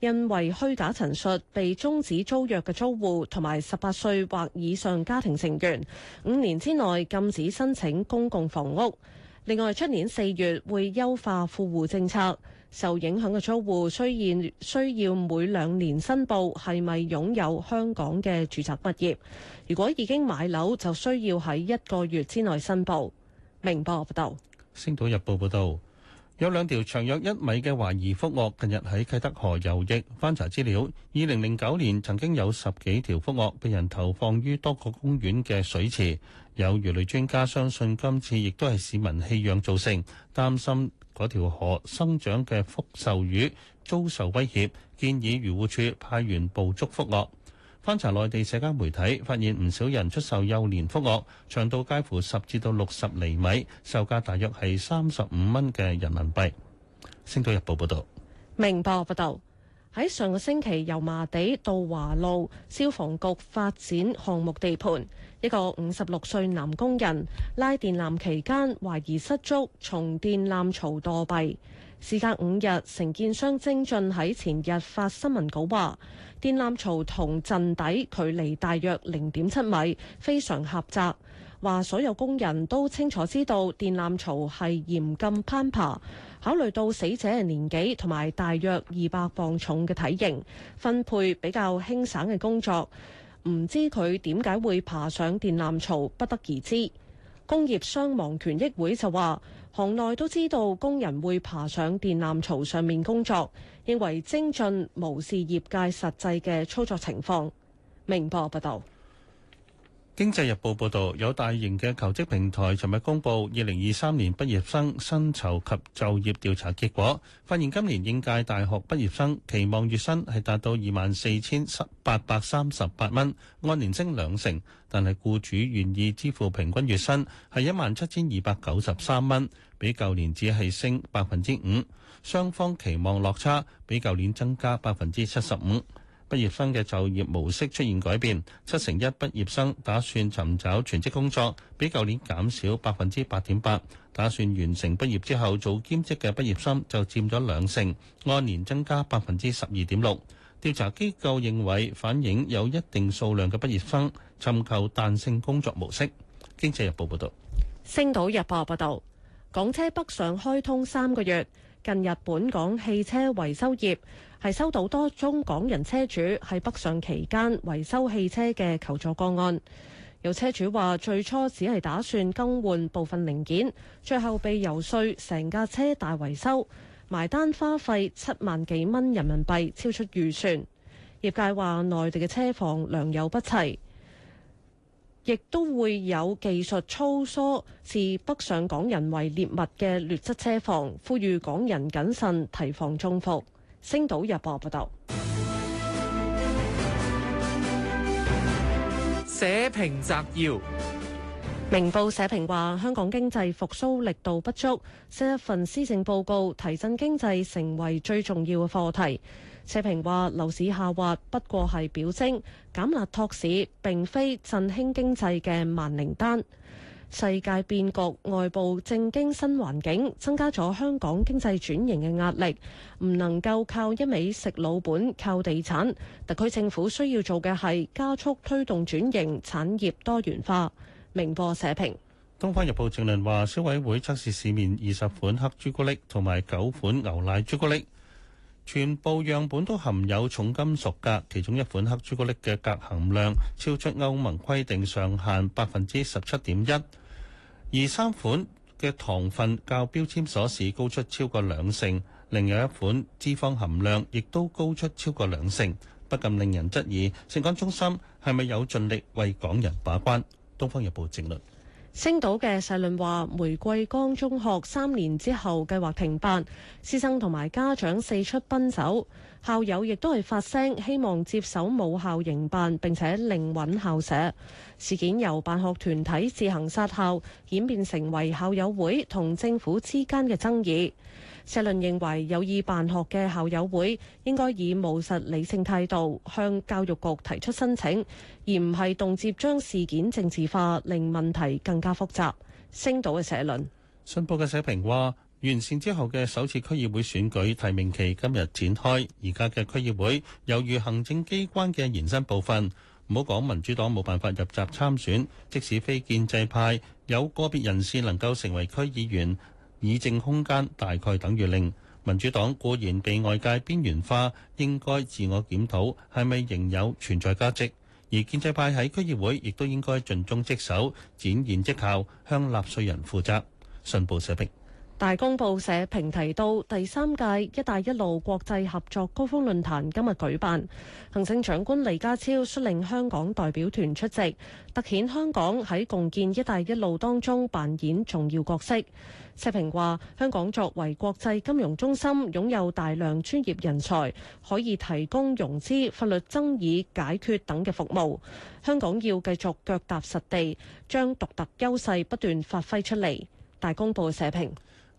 [SPEAKER 3] 因為虛假陳述被終止租約嘅租戶同埋十八歲或以上家庭成員，五年之內禁止申請公共房屋。另外，出年四月會優化富戶政策，受影響嘅租戶雖然需要每兩年申報係咪擁有香港嘅住宅物業，如果已經買樓就需要喺一個月之內申報。明報報道，
[SPEAKER 4] 星島日報報道，《星島日報》報道有兩條長約一米嘅懷疑福鱷，近日喺啟德河游弋，翻查資料。二零零九年曾經有十幾條福鱷被人投放於多個公園嘅水池，有魚類專家相信今次亦都係市民棄養造成，擔心嗰條河生長嘅福壽魚遭受威脅，建議漁護署派員捕捉福鱷。翻查內地社交媒體，發現唔少人出售幼年福鱷，長度介乎十至到六十厘米，售價大約係三十五蚊嘅人民幣。星島日報報道：明
[SPEAKER 3] 「明報報道，喺上個星期，油麻地道華路消防局發展項目地盤，一個五十六歲男工人拉電纜期間，懷疑失足從電纜槽墮斃。事隔五日，承建商精進喺前日發新聞稿話，電纜槽同墳底距離大約零點七米，非常狹窄。話所有工人都清楚知道電纜槽係嚴禁攀爬。考慮到死者嘅年紀同埋大約二百磅重嘅體型，分配比較輕省嘅工作。唔知佢點解會爬上電纜槽，不得而知。工業傷亡權益會就話，行內都知道工人會爬上電纜槽上面工作，認為精進無視業界實際嘅操作情況。明報報道。
[SPEAKER 4] 經濟日報報導，有大型嘅求職平台，尋日公佈二零二三年畢業生薪酬及就業調查結果，發現今年應屆大學畢業生期望月薪係達到二萬四千八百三十八蚊，按年升兩成，但係僱主願意支付平均月薪係一萬七千二百九十三蚊，比舊年只係升百分之五，雙方期望落差比舊年增加百分之七十五。畢業生嘅就業模式出現改變，七成一畢業生打算尋找全職工作，比舊年減少百分之八點八。打算完成畢業之後做兼職嘅畢業生就佔咗兩成，按年增加百分之十二點六。調查機構認為反映有一定數量嘅畢業生尋求彈性工作模式。經濟日報報道。
[SPEAKER 3] 星島日報報道，港車北上開通三個月，近日本港汽車維修業。係收到多宗港人車主喺北上期間維修汽車嘅求助個案，有車主話最初只係打算更換部分零件，最後被遊說成架車大維修，埋單花費七萬幾蚊人民幣，超出預算。業界話內地嘅車房良莠不齊，亦都會有技術粗疏、視北上港人為獵物嘅劣質車房，呼籲港人謹慎提防中伏。星島日報報道，社評摘要：明報社評話，香港經濟復蘇力度不足，新一份施政報告提振經濟成為最重要嘅課題。社評話，樓市下滑不過係表徵，減辣托市並非振興經濟嘅萬靈丹。世界變局、外部正經新環境，增加咗香港經濟轉型嘅壓力，唔能夠靠一味食老本、靠地產。特區政府需要做嘅係加速推動轉型、產業多元化。明報社評。
[SPEAKER 4] 《東方日報》正論話，消委會測試市面二十款黑朱古力同埋九款牛奶朱古力，全部樣本都含有重金屬鎘，其中一款黑朱古力嘅鎘含量超出歐盟規定上限百分之十七點一，而三款嘅糖分較標籤所示高出超過兩成，另一款脂肪含量亦都高出超過兩成，不禁令人質疑食安中心係咪有盡力為港人把關？《東方日報》正論。
[SPEAKER 3] 星島嘅世論社論話：玫瑰崗中學三年之後計劃停辦，師生同埋家長四出奔走，校友亦都係發聲，希望接手母校營辦，並且另揾校舍。事件由辦學團體自行殺校，演變成為校友會同政府之間嘅爭議。社論認為有意辦學嘅校友會應該以務實理性態度向教育局提出申請，而唔係動輒將事件政治化，令問題更加複雜。星島嘅社論，信報
[SPEAKER 4] 嘅社評話，完善之後嘅首次區議會選舉提名期今日展開，而家嘅區議會猶如行政機關嘅延伸部分，唔好講民主黨冇辦法入閘參選，即使非建制派有個別人士能夠成為區議員，議政空間大概等於零，民主黨固然被外界邊緣化，應該自我檢討，係咪仍有存在價值？而建制派喺區議會亦都應該盡忠職守，展現績效，向納稅人負責。信報社評。
[SPEAKER 3] 大公報社評提到，第三屆「一帶一路」國際合作高峰論壇今日舉辦，行政長官李家超率領香港代表團出席，凸顯香港喺共建「一帶一路」當中扮演重要角色。社評話香港作為國際金融中心，擁有大量專業人才，可以提供融資、法律爭議解決等嘅服務，香港要繼續腳踏實地，將獨特優勢不斷發揮出嚟。大公報社評。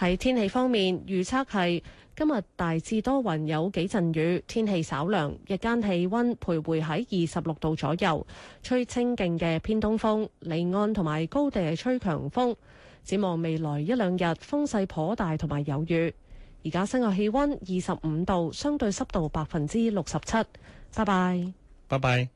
[SPEAKER 3] 喺天氣方面，預測係今日大致多雲，有幾陣雨，天氣稍涼，日間氣溫徘徊喺二十六度左右，吹清勁嘅偏東風，離岸同埋高地吹強風。展望未來一兩日，風勢頗大同埋有雨。而家室外氣溫二十五度，相對濕度百分之六十七。拜拜，
[SPEAKER 2] 拜拜。